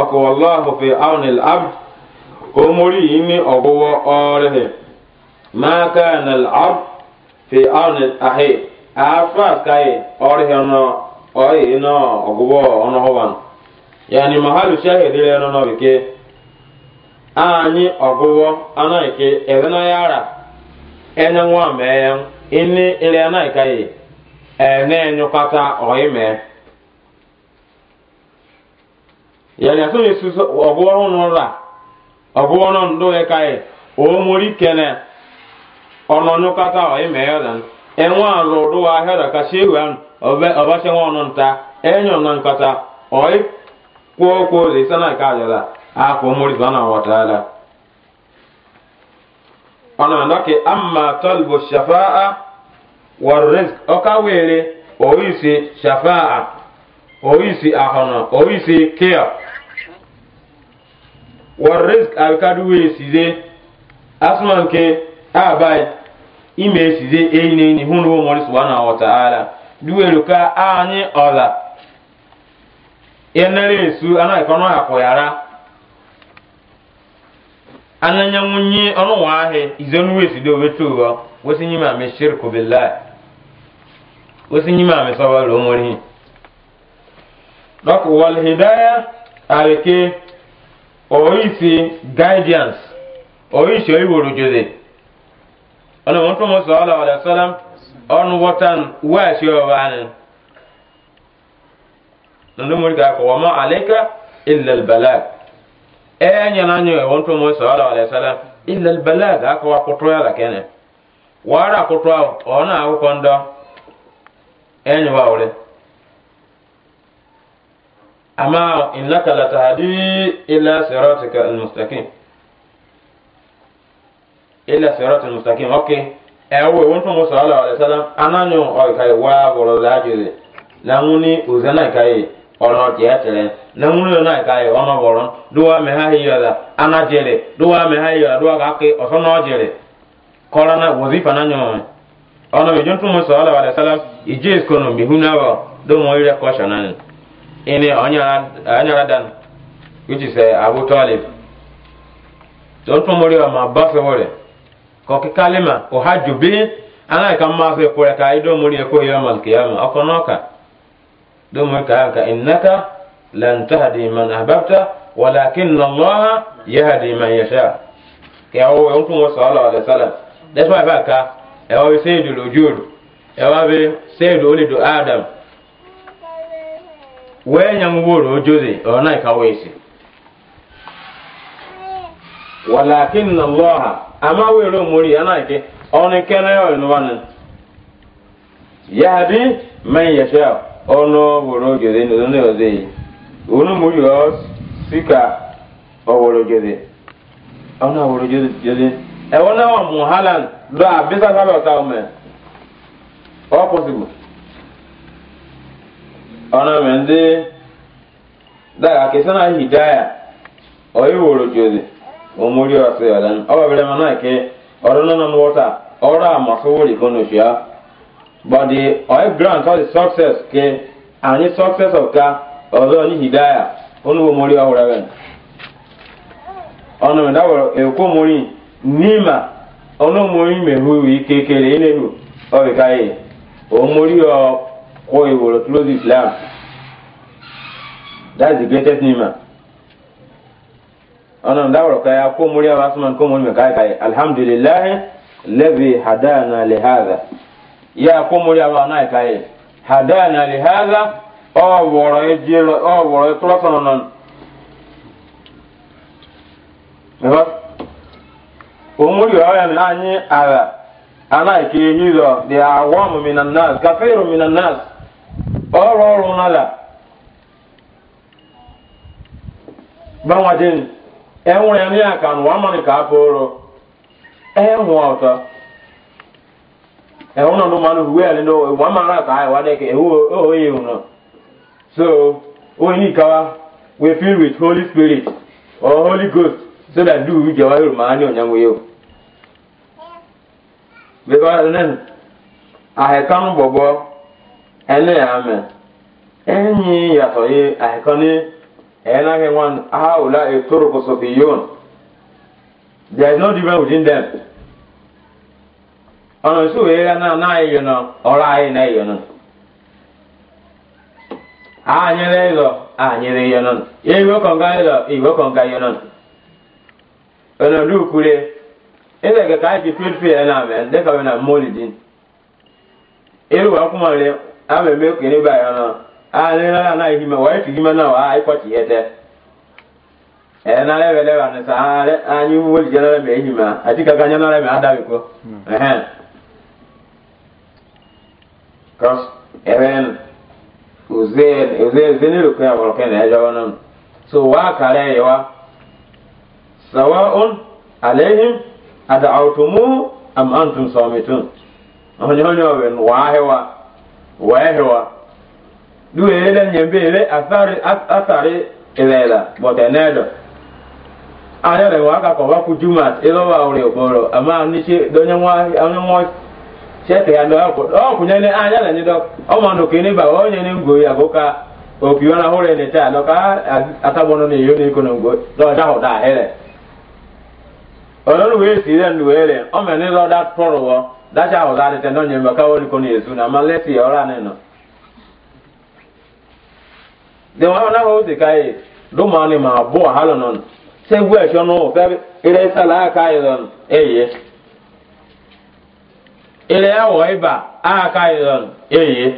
ọkụ wallahu fi aunil abd omori yi ni ọgwụwọ ọrịa ma kana al fi aunil ahi afa kai ọrịa no oyi no ọgwụwọ ọnụ hụwan yani mahalu shahidi lẹnu nọ wike anyị ọgwụwọ anaghịke ezena ya ara enye nwa mee ini ilẹ anaghịka yi ẹ na-enyekọta ọyị mee yẹlẹ so yẹ susu ọgọrọ nù la ọgọrọ nù ndó yẹ e ká yẹ e, òmòrí kẹnẹ ọ̀nọ̀nù kata ọ̀yẹ mẹ́yọ̀ dàn ẹ̀wọ̀n àlọ́ ọ̀dọ́ wa ahẹ́rẹ́ ká ṣé wà nù ọ̀bẹ wọn ẹ̀yọ̀ ọ̀yẹ kókó lè àpò la. ọ̀nà ndọ́kì oisi ahono oisi kea war risk abikadu we size asman ke abai ime size eyine ni hunu wo mori subhanahu wa ta'ala duwelu ka anyi ola enere esu ana ikono akoyara ananya munyi onu wa ahe izenu we sido wetu wo wosi ma me shirku billahi wosi ma me sawalo mori donc wal hidaya areke oisi guidance oisi oiworo jose ọ̀nà wọn tó mọ sọ́ọ́lá ọ̀dà sọ́lá ọ̀nà wọ́tán wáṣí ọba ni nínú mú ká kọ̀ wọ́n mọ́ àlẹ́ká ilẹ̀ balá ẹ̀ ẹ̀yàn náà yẹ wọn tó mọ sọ́ọ́lá ọ̀dà sọ́lá ilẹ̀ balá àkọ́ wa kótó yàrá kẹ́nẹ̀ wàhálà kótó ọ̀nà àwòkọ́ ńdọ́ ẹ̀yìn wa wọlé. أما إنك لتهدي إلى صراطك المستقيم إلى صراط المستقيم أوكي أو وانتم صلى الله عليه وسلم أنا نيو أو كاي وا بولو لاجي لاموني وزنا كاي ọ̀nà jẹ́ tẹ̀lẹ̀ nàmúlò náà ká yẹ ọ̀nà wọ̀rọ̀ dùwà mẹ́hà yíyọ̀dà anájẹ̀lẹ̀ dùwà mẹ́hà yíyọ̀dà dùwà kàkẹ́ ọ̀sán náà jẹ̀lẹ̀ kọ́ra náà wòzí fana nyọ̀ wọn. ọ̀nà ìjọ́ntúnmọ̀ sọ̀rọ̀ làwàlẹ̀ sálá ìjẹ́ ìkọ̀nà in the anyara dan which is uh, abu talib don tun mori wa ma ba fe wore ko ke kalima o haju bi ana ka ma fe ko ka ido mori e ko ya mal kiyama o kono ka do mori ka ka innaka lan tahdi man ahbabta walakin allah yahdi man yasha ke o on tun wa sallallahu alaihi wasallam that's why ba ka e o se du lojuru e wa be se du ole do adam wee nyam woro jose ona ka wesi walakin allah ama wero muri ana ke ona kene o no wan yahdi man yasha ono woro jose no no jose ono muri o sika o woro jose abisa kala ta o me possible ọ̀nà mẹ́ndé dára kẹsàn án hìdáyà ọ̀yẹ́ wòrò jòzè òmórí ọ̀sẹ̀ ọ̀dánù ọba bẹ̀rẹ̀ mọ́ náà kẹ́ ọ̀rọ̀ ọrụ nọ wọ́tà ọ̀rọ̀ àmọ̀sowórì fún sọkses yá bọ̀dé ọ̀yẹ́ grand kọ́ di success ya àní success ọ̀ka ọ̀dọ́ ní hìdáyà ọ̀nà òmórí ọ̀húrẹ́ bẹ́ẹ̀ ọ̀nà mẹ́ndá wọ̀rọ̀ ike mórí ko he woro close Islam. That is the greatest nima. Ana nda woro kaya ko muri wa asman ko muri kai kai alhamdulillah alladhi hadana li hadha. Ya ko muri wa na kai hadana li hadha oh, e oh, e o woro ejiro o woro tlosono non. Ewa omuri wa ya na anyi ara ana ke hizo de awam minan nas kafiru minan nas ọrụ ọrụ n'ala gbanwadin enwere ya n'ihe aka n'ụwa mmanụ ka afọ ọrụ e ọtọ ẹ̀hún náà ló máa lò wíwẹ́ nínú ìwọ́n so onye we feel with holy spirit or holy ghost so that do ìjẹ́ wa because then ene ya me enyi ya ye aikoni ena he wan haula e turuku sufiyun there is no difference within them ọ̀nà na eré náà náà yìí na ọ̀rọ̀ ayé náà yìí nọ ànyẹrẹ ìlọ ànyẹrẹ yìí nọ ìwé kọ̀ǹga ìlọ ìwé kọ̀ǹga yìí nọ ọ̀nà ìdúkúrẹ́ ilẹ̀ kẹ̀kẹ́ àìkú fífi ẹ̀ náà mẹ́ ẹ̀ ǹdẹ́kọ̀ọ́ náà mọ́lìdín irú wa E, ha mmemme okenye hmm. ebe a na ya anaghị hime wee tụ hime na wa ịkọchi ya ete ee na sa anyị weli jenara ma ehi ma atika ka anya nara ma adabiko ehe kọs ebe uze uze n'eluko ya bọrọ so wa kara yi wa alaihim ada'awtumu am wa waehewa duwele nyembele asari asari ilela botenedo anyale waka kọba kujuma ilowa ori oboro ama nishi donye nwa onye nwa shete ya ndoya ko o kunyene anyale ah, ni do o ma kini ba onye ni ngo ya goka na hore ni ta loka atabono ni yo ni kono ngo do da ho da hele ololu we si den duwele o dasha ahụ za adịte ndọ nyere maka oriko na na malesi ọrụ anyị de wọn náà wọ́n ti ka yìí dùmọ̀ ni mà bọ̀ nọ ṣé wú ẹ̀ṣọ́ nù fẹ́ eré sálà àká yìí lọ ya ilé ẹ̀wọ̀ a àká yìí lọ ẹ̀yẹ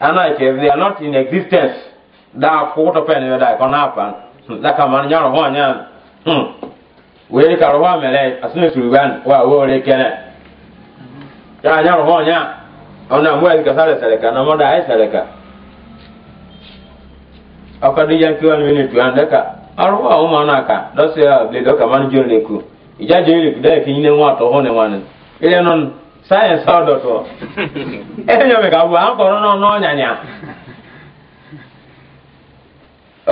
ana if they are not in existence da kuto pen yo da kona pan da kama nyaro ho nya hmm we ka ro mele asne surugan wa wo re kene ya nyaro ho nya ona mwe ka sare sare ka na moda ai sare ka akadi yanki wa mini tu andaka arwa o mana ka do se le do kama njo le ku ija je le ku da ki ne wa to ho ne wa ne ile non sayensị ọdụtụ enyome ka bụ akọrọ nọ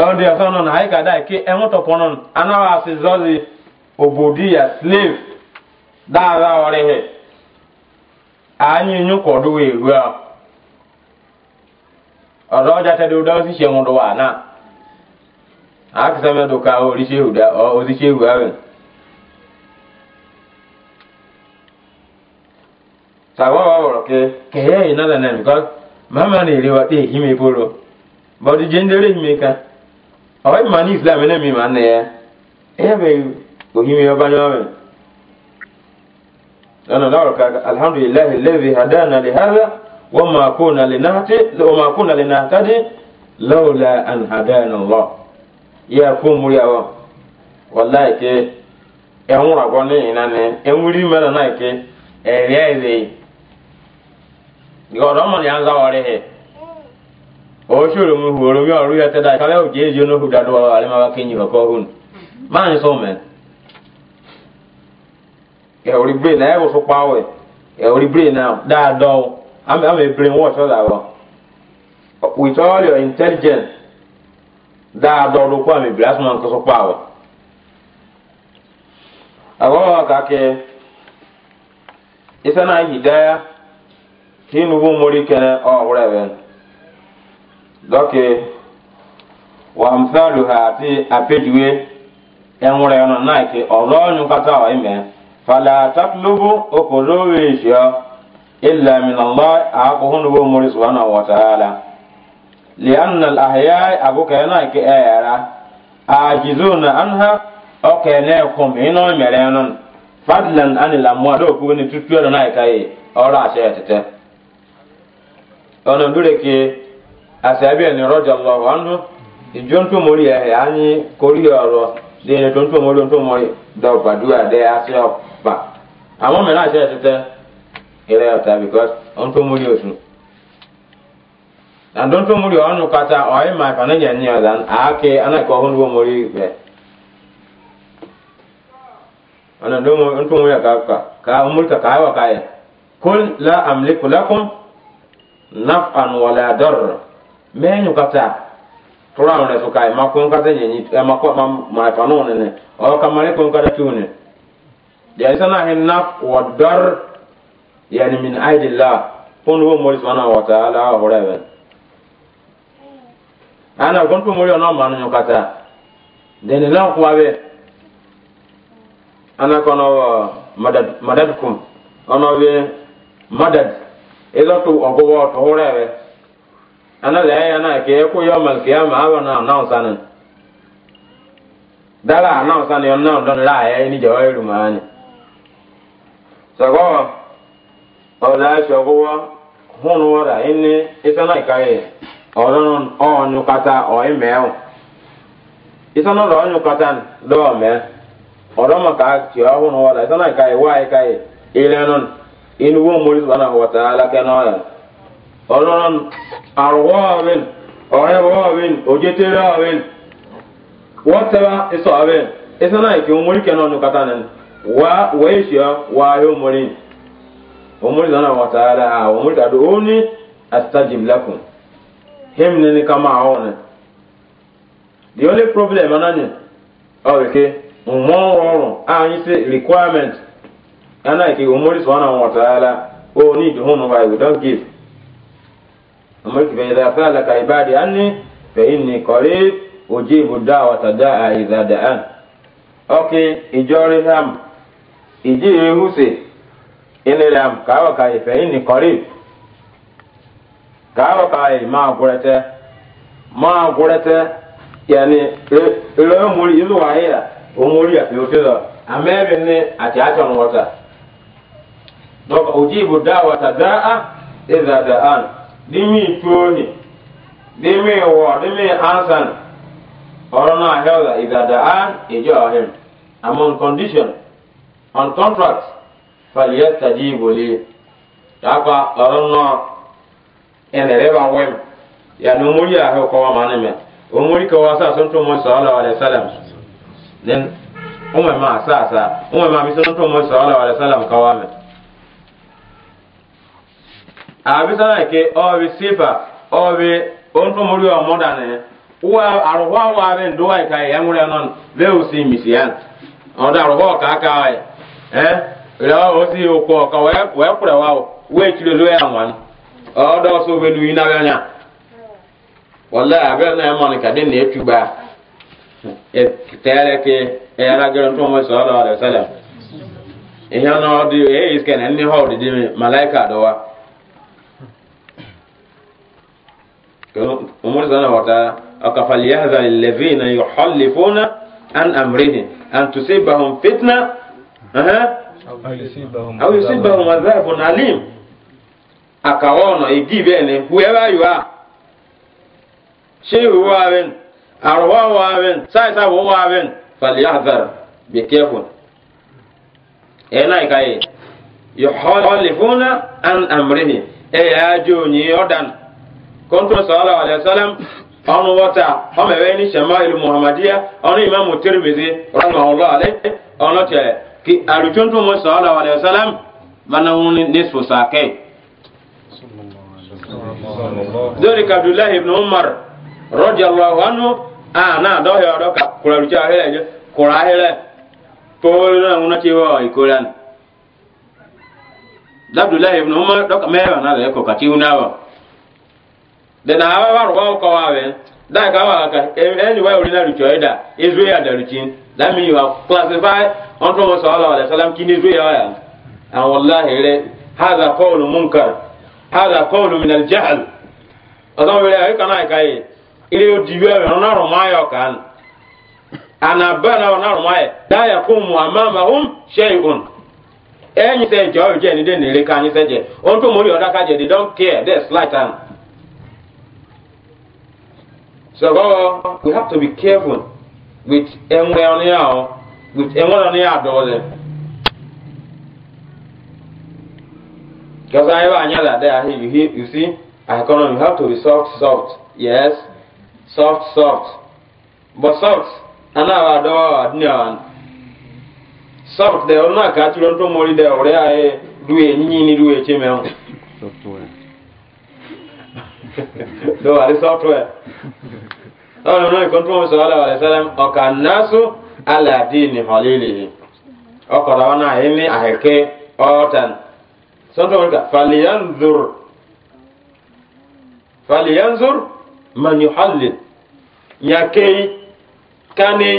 ọ ọdị ọsọ nọ na anyị ka da ke enwetọpọ nọ anaghị asị zọzi obodo ya slave daara ọrịghị anyị nyụkọdụ ehu a ọ̀rọ̀ ọjà tẹ́lẹ̀ ụda òṣìṣẹ́ wọn lọ wà náà ụda sawa wa wọrọ ke na yìí na nẹ because mama ni èrè wa tẹ èyí mi bolo bọdù mi ka ọwọ ma ni islam ẹ mi ma nẹ ya ẹyẹ bẹ òyìn mi ọba mi ka alhamdulilayi lẹbi hadana le hada wọn ma kó na le nàti wọn ma na e e le nàtàdé lọwọlá an hadana lọ yíyá kó múri àwọn wàláyé ke ẹ̀hún àgbọ̀n ní ìnáni mẹ́rin náà gọ̀ọ̀rọ̀ mọ̀ ya ń zá ọ̀rẹ́ hẹ̀ ya ṣòro mu hùwòrò mi ọ̀rú yẹ tẹ́lá ìkàwé òjì èjì onóhù dàdú ọ̀rẹ́ máa kí ni ọkọ̀ hùn máa ń sọ̀mẹ́ ẹ̀wòrí brain ya ẹ̀wò fún pàwẹ̀ ẹ̀wòrí brain náà dáadọ́ àmì àmì brain wọ́n ṣọ́lá wọ with your intelligence hinugu mori kene o oh, wureben doke wa amsaluha ati apejuwe enwure yono naike ọzọ onyu kata o ime fala taklubu okoro weesio illa min allah ako hunugu mori subhanahu wa ta'ala lianna al ahya'i abuka naike ajizuna anha mere fadlan anil amwa do ni ọrụ tete. ọ̀nà lórí ke asabi ẹni rọ́jà lọ ya nù ìjọ ń tó mórí ẹ̀ ẹ̀ á ní kórí ọ̀rọ̀ dé ẹni tó ń tó mórí ń tó mọ dọ̀ gbàdúrà dẹ́ àṣẹ ọ̀pà àwọn mìíràn àṣẹ ẹ̀tẹ́tẹ́ ilẹ̀ ọ̀tà because ó ń tó mórí oṣù àdó ń tó mórí ọ̀nù naf'an wala darra me nyukata tura ne suka ma ko ngata nyenyi ma ko ma ma panu ne ne o kamare ko ngata tune de sana hin naf wa dar yani min aidillah pon wo mo subhanahu wa ta'ala horebe ana gon ko mo yo no manu nyukata de ne lan ko abe ana kono madad madad madadkum ono be madad ịzọ tu ọgụgụ ọtụ hụrụ ebe anaghị ya na ka ekwu ya ọma nke ma abụ na anaụsanụ dala anaụsanụ ya nnọọ ndọ nla ya ịnị jọwa iru ma anyị sọgọ ọdọ achị ọgụgụ hụrụ ọrịa ịnị isa na ịkaghị ọdọ ọnyụkata na dọọ ka ọhụrụ ọrịa ịsọ na ịkaghị waa ịkaghị in wo mo subhanahu wa ta'ala kana ya olon arwawin oyawawin ojeterawin whatever is awin isana ke umuri kana no katanen wa weisha wa he umuri umuri subhanahu wa ta'ala a ah, umuri da doni astajib lakum him ne kama awon the only problem anani okay mo ro ro a ah, yin se requirement ana ke umuri subhanahu wa ta'ala o ni duhunu wa we don't give umuri ke idza sala ka ibadi anni fa inni qarib ujibu da'wata da'a idza da'an okay ijori ham iji ehuse inere am kawa ka fa inni qarib kawa ka ma gurete ma gurete yani re umuri ilu wahira umuri ya pe o te lo amebe ni ati ajo nwota donc ujibu dawata daa idha daa dimi toni wo ansan ijo on condition on contract li enere ba wem ya no muri ahe ko wa mane me o muri ko wa sa to mo sallallahu alaihi wasallam ma sa sa umma ma bi to mo sallallahu alaihi wasallam abisala ke obi sifa obi ontomori omodane wa aruwa wa abe nduwa ka yanwure non be usi misiyan oda aruwa ka aka eh ila osi okwo ka we we kure wa we chire lo ya wan oda so be lu ina ganya wallahi abe na yamon ka den ne tuba e eh, tere ke e ala gero to mo sallallahu alaihi wasallam ihana odi e eh, iskene ni ho di malaika umuri sana wata yahza alladhina yuhallifuna an amrihi an tusibahum fitna aha au yusibahum adhabun alim akawono igibene whoever yuwa shi huwa wen arwa huwa wen wawen huwa wen falyahzar yahza careful ena ikaye yuhallifuna an amrihi e ajo ni odan kɔntɔn sɔɔla alayhi salam ɔnu wata ɔmɛ bɛ ni sɛma ilu muhammadiya ɔnu imamu tirimizi rahmahulah ale ɔnu tɛ ki alutuntun mu sɔɔla alayhi salam manahun ni sosaakɛ. dori kabdulahi ibn umar rɔjallahu anu ana dɔhɛ ɔdɔ ka kuraluca ahɛrɛ kura ahɛrɛ pɔwɔli na ŋuna ti wɔ ikoran dabdulahi ibn umar dɔka mɛrɛ na lɛ kɔ kati ŋuna wɔ. dena awa wa roba ko wa we da ka wa ka any wa ori na ru ya da that mean you are classified unto wa sallallahu alaihi wasallam kin ya ya and wallahi re hadha qawlu munkar hadha qawlu min al jahl adam we ay kana kai ile o diwe we na ro ma kan ana bana na ro ma da ya kumu amamahum shay'un enyi se jo je ni de ni re ni se je on to oda ka je they don't care they slight So we have to be careful with enwe on with enwe on yao dole. Because I ever anyala there, you hear, you see, I economy, you have to be soft, soft. Yes, soft, soft. But soft, anawa dawa adniawan. Soft, they are not catching on to more, they are do a nini, do a chimel. Soft, do wari software ọ̀nà náà ìkọ́ntú wọn sọ̀rọ̀ àlàyé sẹ́lẹ̀m ọ̀kà násù aládìní ọ̀lẹ́lẹ̀ ọkọ̀dà wọn náà yẹn ní àhẹ̀kẹ́ ọ̀tàn sọ́ńtò wọn kà fàlìyànzùr fàlìyànzùr mànyùhálì nyàkéyì kání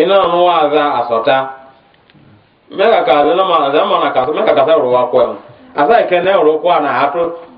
iná ọ̀nù wà zá àsọ̀tá mẹ́kàkà àzẹ́ náà mọ̀ àzẹ́ mọ̀ nà kàtó mẹ́kàkà sẹ́wọ̀rọ̀ wà kọ́ ẹ̀ àzá ìkẹ́ náà rọ̀ kọ́ àná àtó.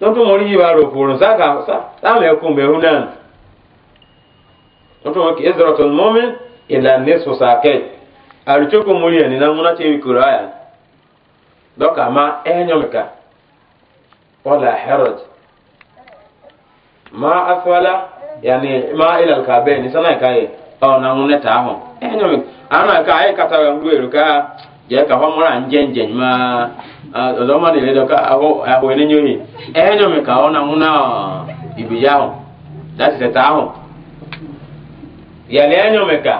tontu mori yi ba rokoro saka sa sala yakun be hunan tontu ki izratul mu'min ila nisfu saqat alichoko mori ni na muna chewi kuraya doka ma enyomka wala Herod ma afwala yani ma ila alkabain sana kai o na muna ta ho enyomka ana ka ai kata ngweru ka je ka ho mura njenjen ma Ah, ọzọma na eledo ka ahụ ahụ enenye oyi enyo mi ka ọ na nwụna ibi ya ahụ dasịsịta ahụ yali enyo mi ka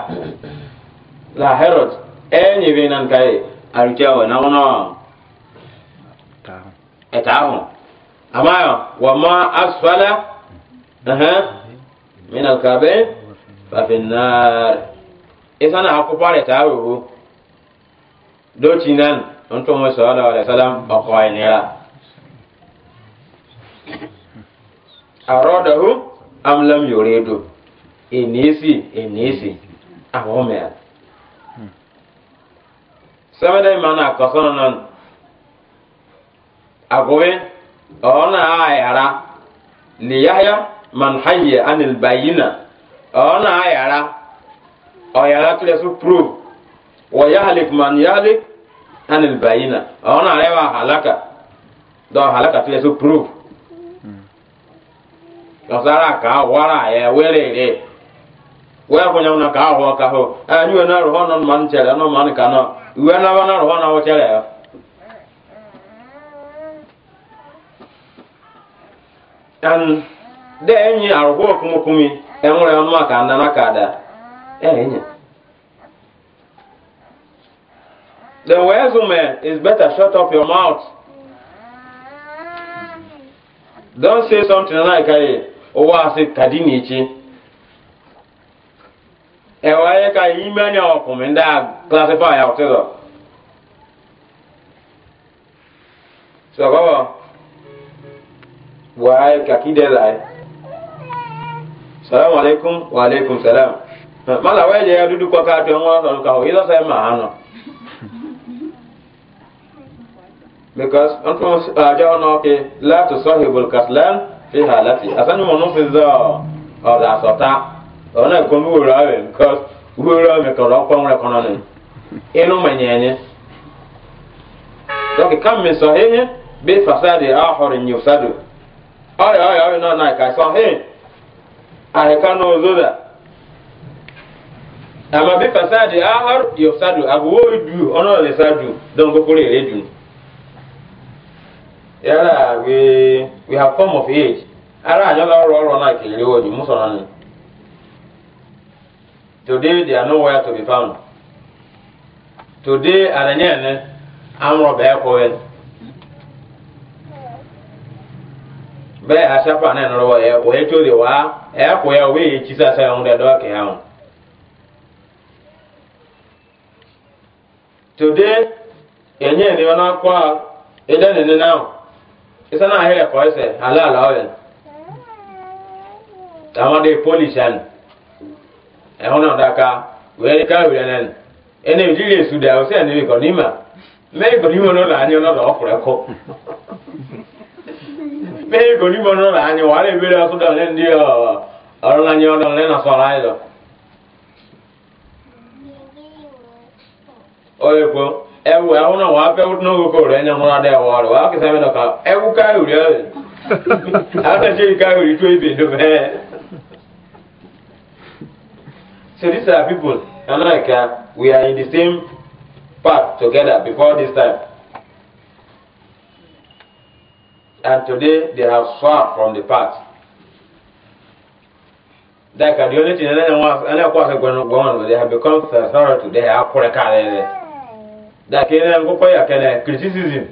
la herod enyi bi na nka arụcha wa na nwụna eta ahụ e amayo wa ma asfala min alkabe fafinnar isa na akwụkwọ arịta ahụhụ dochinan tontoŋo sallallahu alaihi wasallam bakoynira aradahu am lam yuridu inisi inisi ahomer sabada mana kasono "A agowe ona ayara li yahya man hayya anil bayina ona ayara oyara su prove wa yahlik man yahlik anil bayina ona rewa halaka do halaka tu yesu proof dɔsara hmm. kaa wara yɛ werere ko ka hɔ ka hɔ ɛɛ nyu na rɔ nɔ man cɛlɛ nɔ man ka nɔ wɛ na ba na na wɔ cɛlɛ yɛ ɛn de ɛnyi arɔgɔ kumukumi ɔnuma nana da The resume is better shut up your mouth. Don't say something like I owa oh, se kadinichi. Ewa ye ka imanya okumenda classify out there. So baba why kakide lai. Salamu alaikum wa alaikum salam. Mala weje ya dudu kwa kati ya mwana kwa hivyo sema hano. because ọtún àjọ ọ̀nà ọ̀kẹ́ láti sọ́hìbùl kàtlan fi hà láti àsánimọ̀ ọ̀nà fi zọ ọ̀dà àsọ̀tá ọ̀nà ẹ̀kọ́ mi wúrọ̀ rẹ̀ because wúrọ̀ mi kọ̀rọ̀ ọ̀pọ̀ ńrẹ̀ kọ́nà ni inú mẹ̀nyẹ̀ni. lọ́kì ká mi sọ híhí bí fasadi ahọ̀rì ní ọ̀sádù ọ̀yọ̀ ọ̀yọ̀ ọ̀yọ̀ náà náà kàṣọ híhí àyíká náà zọ́dà àmọ́ bí fasadi ahọ̀rì yọ̀sádù àbúwò ìdù ọ̀nà ọ̀lẹ́sádù dọ́ngọ́kúrò èrè dùn. yara we we have come of age ara anyola ọrụ ọrụ na kelere oji musoro ni today they are nowhere to be found today ananyene amụrụ bụ ekwewe bẹẹ asapa náà nọrọ wọ ẹ wọ ya tó de wá ya kọ ya wọ èyí tísà ya ahụ. dẹ dọọkì hàn. today ẹ̀yẹ́ ni wọn kọ́ na dẹ́nu ahụ. isa na ahịrị ka ọsị halal ọyịl tama dị polishan ẹhụ na ọdaka wee ka were nen ẹna ejiri esu da ọsị ẹna ebe gọnima mee gọnima n'ụlọ anyị ọnọdụ ọkwụrụ ẹkụ mee gọnima n'ụlọ anyị wara ebere ọsụ da ndị ọrụ anyị ọdọ ndị na-asọrọ anyị lọ. Oye kwuo. ewu awo na wa pe no ko re na de wa ro wa ke sabe na ka ewu ka yu re ata je ka yu to ibe do be so these are people and like uh, we are in the same path together before this time and today they have far from the path that the only thing they want and they have become authority they have put a car there eh, eh. that ke na ngụkọ ya kele criticism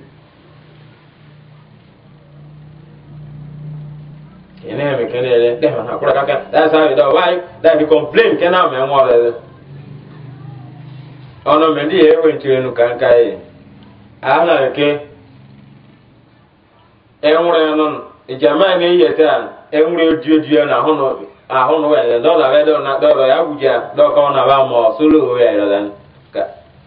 ene me kele le de ma kura kaka that's how it why that be complain ke na me nwa le ono me di ewe ntire nu kan kai ala ke enwure non ijama ne yete an enwure die die na ho no ahụ nụ wele dọla wele na dọla ya gwụja dọka ọ na-aba ma ọ sụlụ wele ka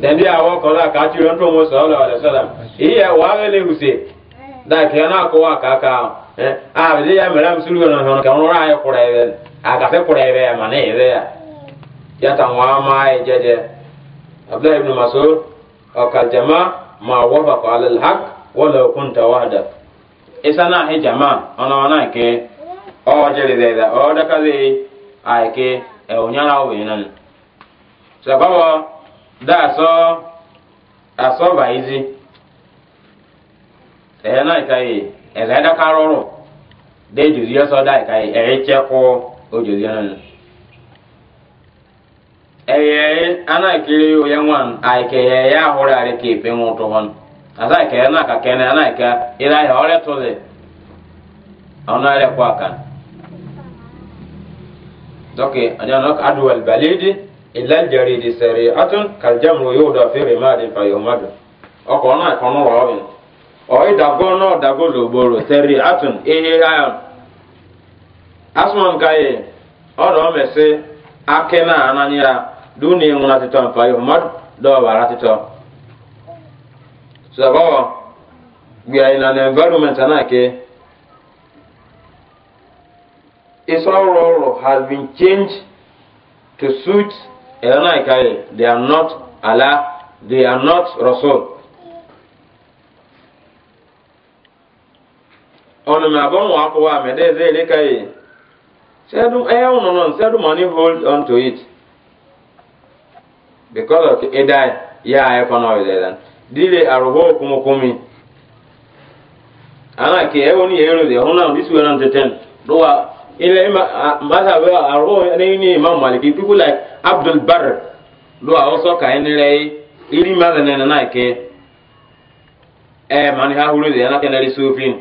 dɛndi awɔ kɔla k'a tiri ɔntɔ mo sɔrɔ la wàlɛ sɔrɔ iye ala wele huse da kiyɛ n'a ko wa k'a ka ɛ a bɛ ya mɛlɛ musulu yɛ nɔnɔ kɛ ŋɔnɔ ayɛ kɔrɔ yɛ bɛ a ka fɛ kɔrɔ a ma ne yɛ bɛ ya ibn maso ɔ ka jama ma wɔfa ko alal hak wala o kun ta wahada isa n'a he jama ɔnɔ ɔnɔ kɛ ɔ jɛli zɛ a daa sọ asọba izi ẹyẹ náà ìka yìí ẹsẹ ẹdaka rọrọ ọsọ daa ìka yìí ẹyẹ eyi ana ìkiri oyẹ wọn ya ẹyẹ ẹyẹ ahọrẹ àrẹkẹ ìpè wọn tó hàn asa ìka ẹyẹ na ana ìka ìlà ẹyẹ ọrẹ tó lẹ ọ̀nà illa aljaridi sari'atun kaljamru yuda fi rimadin fayumadu ọkọ náà kọnu wà ọyìn ọyìn dàgọ náà dàgọ lògbòrò sari'atun ehe ayon asman kaye ọdọ ọmẹsẹ akẹ náà ananyira dúni ìwọn atitọ so dọwọ we are in an environment náà ké israel has been changed to suit ka ìkàyè they are not allah they are not rasul. ọ̀nà mi àbọ̀ wọn akọ̀wé àmẹ́dẹ́ ẹ̀dẹ́ ẹ̀dẹ́ kàyè ṣẹ́dún ẹ̀yà ọ̀nà náà hold on to it because of ẹ̀dá yà á ẹ̀kọ́ náà ọ̀dẹ̀ dán dílé ana òkúmọkúmi àná ni ẹ̀wọ̀n ní ẹ̀rọ ìdẹ̀ ọ̀hún way náà ila ima mazhabi arwo ne ni imam maliki people like abdul bar a also ka en re iri mazana na na ke e eh, man ha hulu de na kenari sufin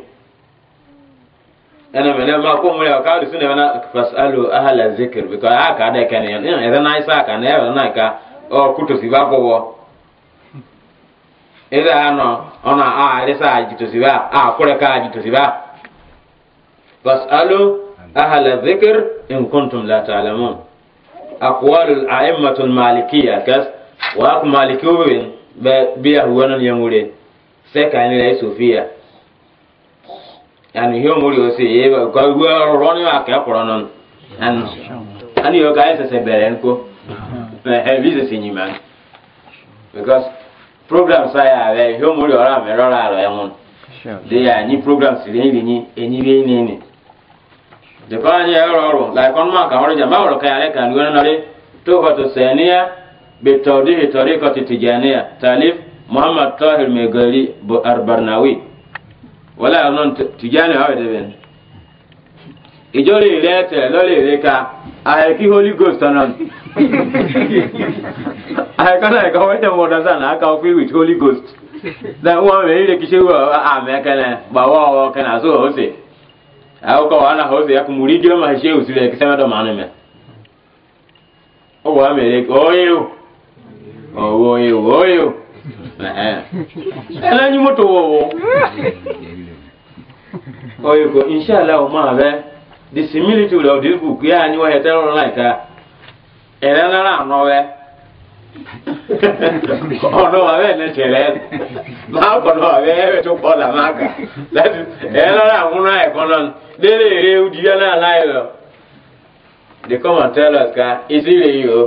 ana mena ma ko mu ya ka ri sunna na fasalu ahla zikr bi ka aka da kan yan na na ya na ka o kuto si ba ko wo ida ano ona a si ba a kure ka si أهل الذكر إن كنتم لا تعلمون أقوال الأئمة المالكية كس وأق مالكيون بيه ونن يمولي سكا إن ليسوا فيها يعني, يعني هي مولي وسي إيه كوي وروني أكيا قرانون أن أن يوكاي سسبرينكو هذه إيه، سينما because program say I will humor you around me around I am on. They are new programs. They are new. They are new. jepanya eroro la kon ma ka hore jama wala kayale kan wona nare to ko to senia be tawdih tariqa tijaniya talif muhammad tahir megari bu arbarnawi wala non tijani hawe de ben ijori lete lori reka ahe ki holy ghost anon ahe kana ka wete moda sana aka ofi with holy ghost da ah, wa me ile kishewa a me kana bawo kana so ose au ka wana hozi ya kumulidi wa mahashi usile kisema ndo maana me owa mele oyo oyo oyo eh ana ni moto oyo ko inshallah ma be the similitude of this book ya ni wa hetero like a era na ọdún wa bẹ́ẹ̀ ní tẹ̀lé máa kọ̀dọ̀ wa bẹ́ẹ̀ bẹ́ẹ̀ tó kọ́ là máa kà láti ẹ̀ lọ́dọ̀ àwọn náà ẹ̀kọ́ náà lérè èrè òdìyẹ náà láì lọ. they come and tell us ka isi le yi o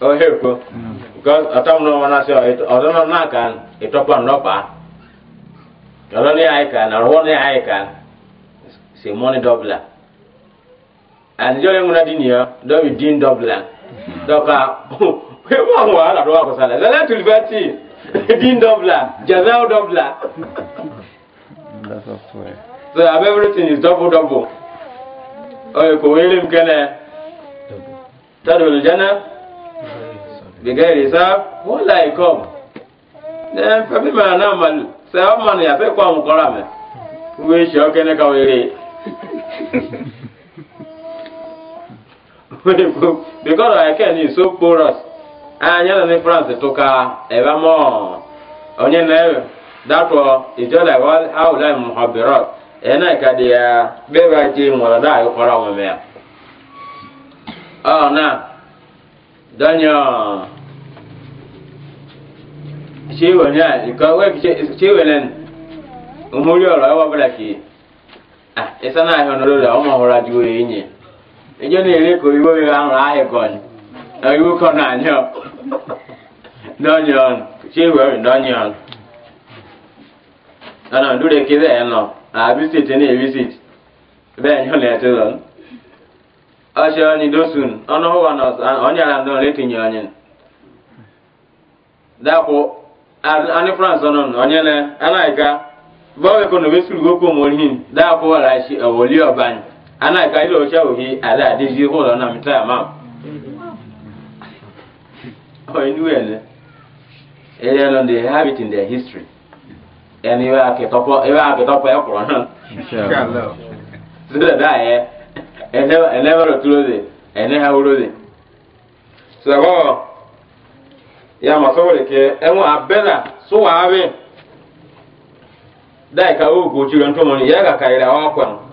ọ yẹ kó because ọtọ́mu náà wọn ase ọdún náà náà kàn ìtọ́pọ̀ ńlọ́pà ọlọ́ni àyíká náà ọwọ́ ní àyíká sì mọ́ni dọ́bìlà anjole nguna dinia do mi din dobla doka we ma wa la do ko sala la tul bati din dobla jazao dobla so everything is double double oy ko welim kana tadul jana bigay hisab wala ikom ne fa bi ma na mal sa man ya fe ko am ko rame we sho kene ka wele because I can is so porous anya na France to ka ebe mo onye na that was it just like how na ka dia be ba ji mo da ayo kora mo me ah na danyo shewe nya ikawe shewe len umuri ora wa bra ki ah esa na ayo no lo da o mo hora ijo na-ere ka oyibo wee ahụrụ ahịa kọnyị oyibo kọ anyọ dọnyọn chiwere dọnyọn dọnà dúre kí dẹ̀ ẹ nọ àbísìtì ní ìbísìtì bẹ́ẹ̀ ni ó lè ti lọ. ọṣẹ onídọ́sùn ọ̀nàwọ̀ ọ̀nyàrá ń dán létí yẹn ọ̀nyẹn. dàkú ani france ọ̀nà ọ̀nyẹn náà ẹ̀ náà ìka bọ́ọ̀lù kọ́nà bẹ́ẹ̀ sùrù gbókò mọ́rin dàkú ọ̀rọ̀ àṣì ọ̀wọ́lé ana ka ilo cha ohi ala adizi holo na mita ma o inu ene ele no have it in their history and you are ketopo you are ketopo e kuro na inshallah so that I ene ene woro tulo de ene ha woro de so go ya ma so wole ke enwo abela so wa ave dai ka o go chi ya ga ka ira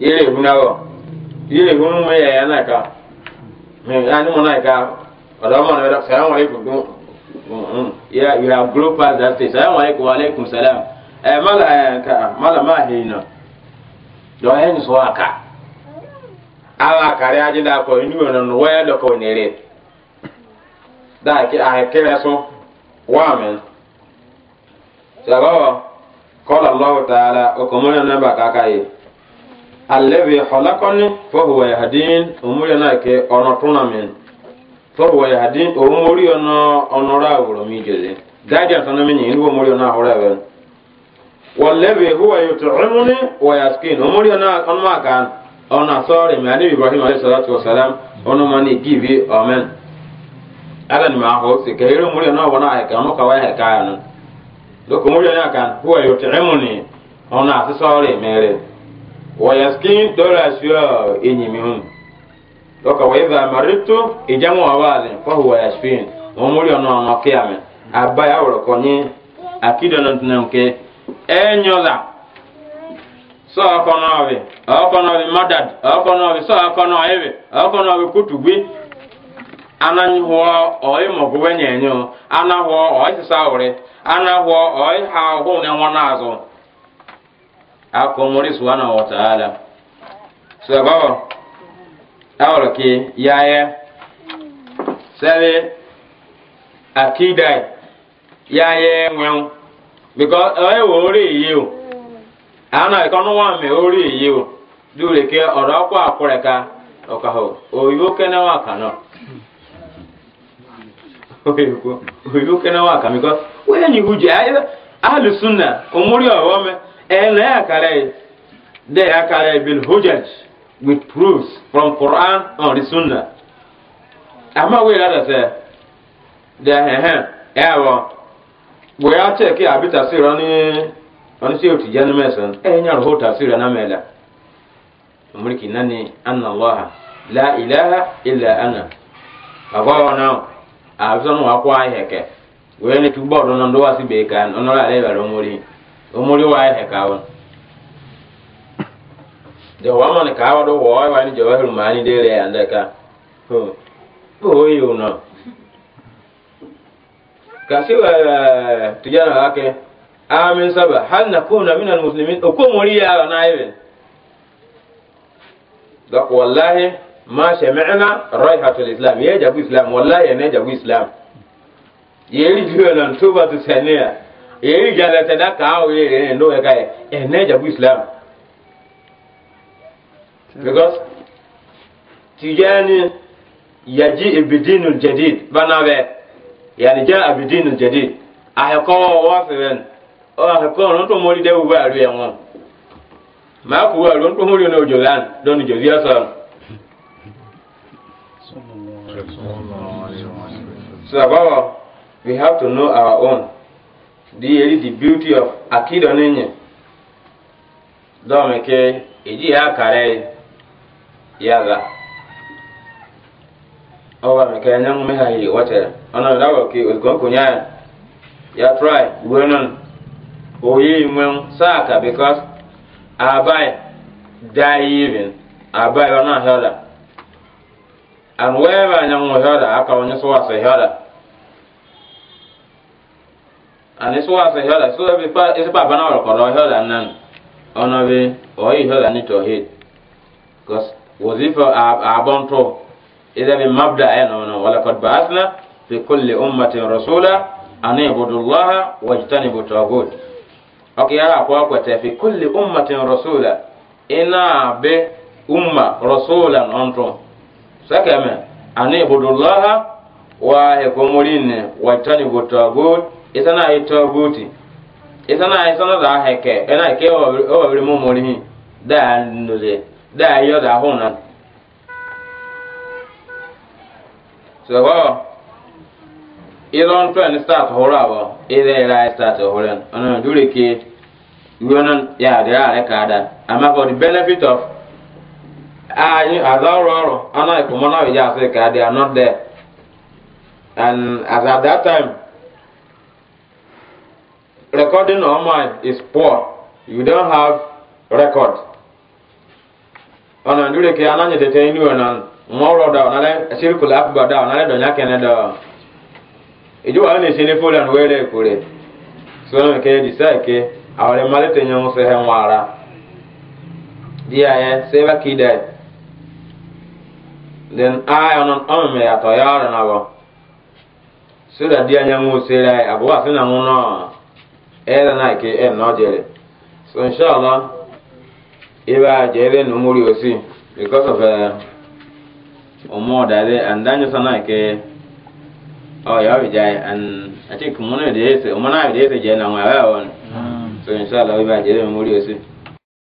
yere ihu na wɔ mu ya na aka ani mu na ka ɔdɔ ɔmɔ na yɛrɛ salamu mm, dun ya yɛ grow pass that day salamu alaikum alaikum salam ɛ eh, mala eh, ka mala ma na so a ala aji da da a so taala o na kaka alladhi khalaqani fa huwa yahdin na ke ono tournament fa huwa yahdin umuri awuro mi jeze daja tono mi ni umuri ona hora ben walladhi huwa yut'imuni wa yaskin umuri ona onma kan ona sore mi ani ibrahim alayhi salatu ala ni ma ho ka wa ay kan dokumuri ona mere wayaskin dora shiwa enyi mi hun doka wa idha maritu ijamu awali fa huwa yashfin wa muri ono ono kiyame abaya so akono ave akono ave madad akono ave so akono ave akono ave kutugbi ananyihuo oyi akomori subhanahu wa ta'ala sababu awol ke yaya sabe akida yaya nwen because oye wo ori iyi o ana ikonu wa me ori iyi o dure ke ọrọ akwa akwụrụ ka ọka ha oyibo kene wa nọ oyibo kene wa because ni sunna ele akare de e with proofs from Quran or the Sunnah ama we rather say de he he ewo ya bita sira ni oni si oti jani mesan e nya ro na mela mulki ni anna allah la ilaha illa ana baba ona abzanu akwa heke we ni tubo do ndo wasi be kan onora le ba omori wa he kawo de wa man kawo do wa wa ni jawahir mani de re anda ka ho o yo no kasi wa eh, tujana wake amin saba hal nakuna minal muslimin o ko mori ya na ibe dak wallahi ma sami'na raihatul islam ye jabu islam wallahi ne jabu islam yeri juyo nan tuba tu saniya eri jalete na ka ahụ ya ere n'oge ka ya ene jabu islam because tijani yaji ibidinul jadid banabe yani ja abidinul jadid ahekọ wa fẹrẹn ọ ahekọ ọ̀nà tó mọ́rí dẹ́wù bá rí ẹ̀wọ̀n máa kú wà lóńtó mọ́rí ọ̀nà òjò lánà lónìí jòzí ọ̀sán. so abawo we have to know our own. diyeri the beauty of akidoninye ninye dɔmi ke eji ya kare yaga ɔba mi kɛ nyɛŋu mi ha yi ke osikɔn ko nyaa ya try wenon oyi ŋmɛŋ saaka because abai die even abai ɔna hɛla and wherever nyɛŋu hɛla aka wɔnyɛ so wa sɛ hɛla. ani so wa se hela so be pa ese pa bana wa ko hela nan ono oh, be o oh, yi hela ni tauhid cause wazifa abonto ida bi mabda ay eh, no no wala qad ba'athna fi kulli ummatin rasula an ibudu allaha wajtanibu tawagut okay ya kwa fi kulli ummatin rasula ina be umma rasulan onto sakame an ibudu allaha wa hekomulin wajtanibu tawagut isana ayi tɔbuti isana ayi sɔnna zaa hɛkɛ ɛna ke ɔbɛbɛrɛ mu mɔri hi daa nule daa yɔ daa hɔn na sɔgɔ irɔn tɔn start hɔrɔ awɔ irɛ irɛ ayi start hɔrɔ ɔnà dure ke yɔnan yaa dira are kaa da ama for the benefit of as azawurɔrɔ ɔnà ìkùmɔ náà yìí yà sɛ kaa di are not there and as at that time. recording online is poor you don't have record ona ndure ke ananye tete inu ona moro da ona le circle lap ba da ona le donya kene da ijo wa ne sene fola no wele kure so na ke disa ke awale male tenyo mo se henwara dia e seva kide then i on on me atoyara na bo so da dia nyamu se lai abuwa sina mu no era na ke en no so inshallah iba jere no osi because of uh, omo and danyo sana ke oh ya jai and de na bi de na so inshallah iba osi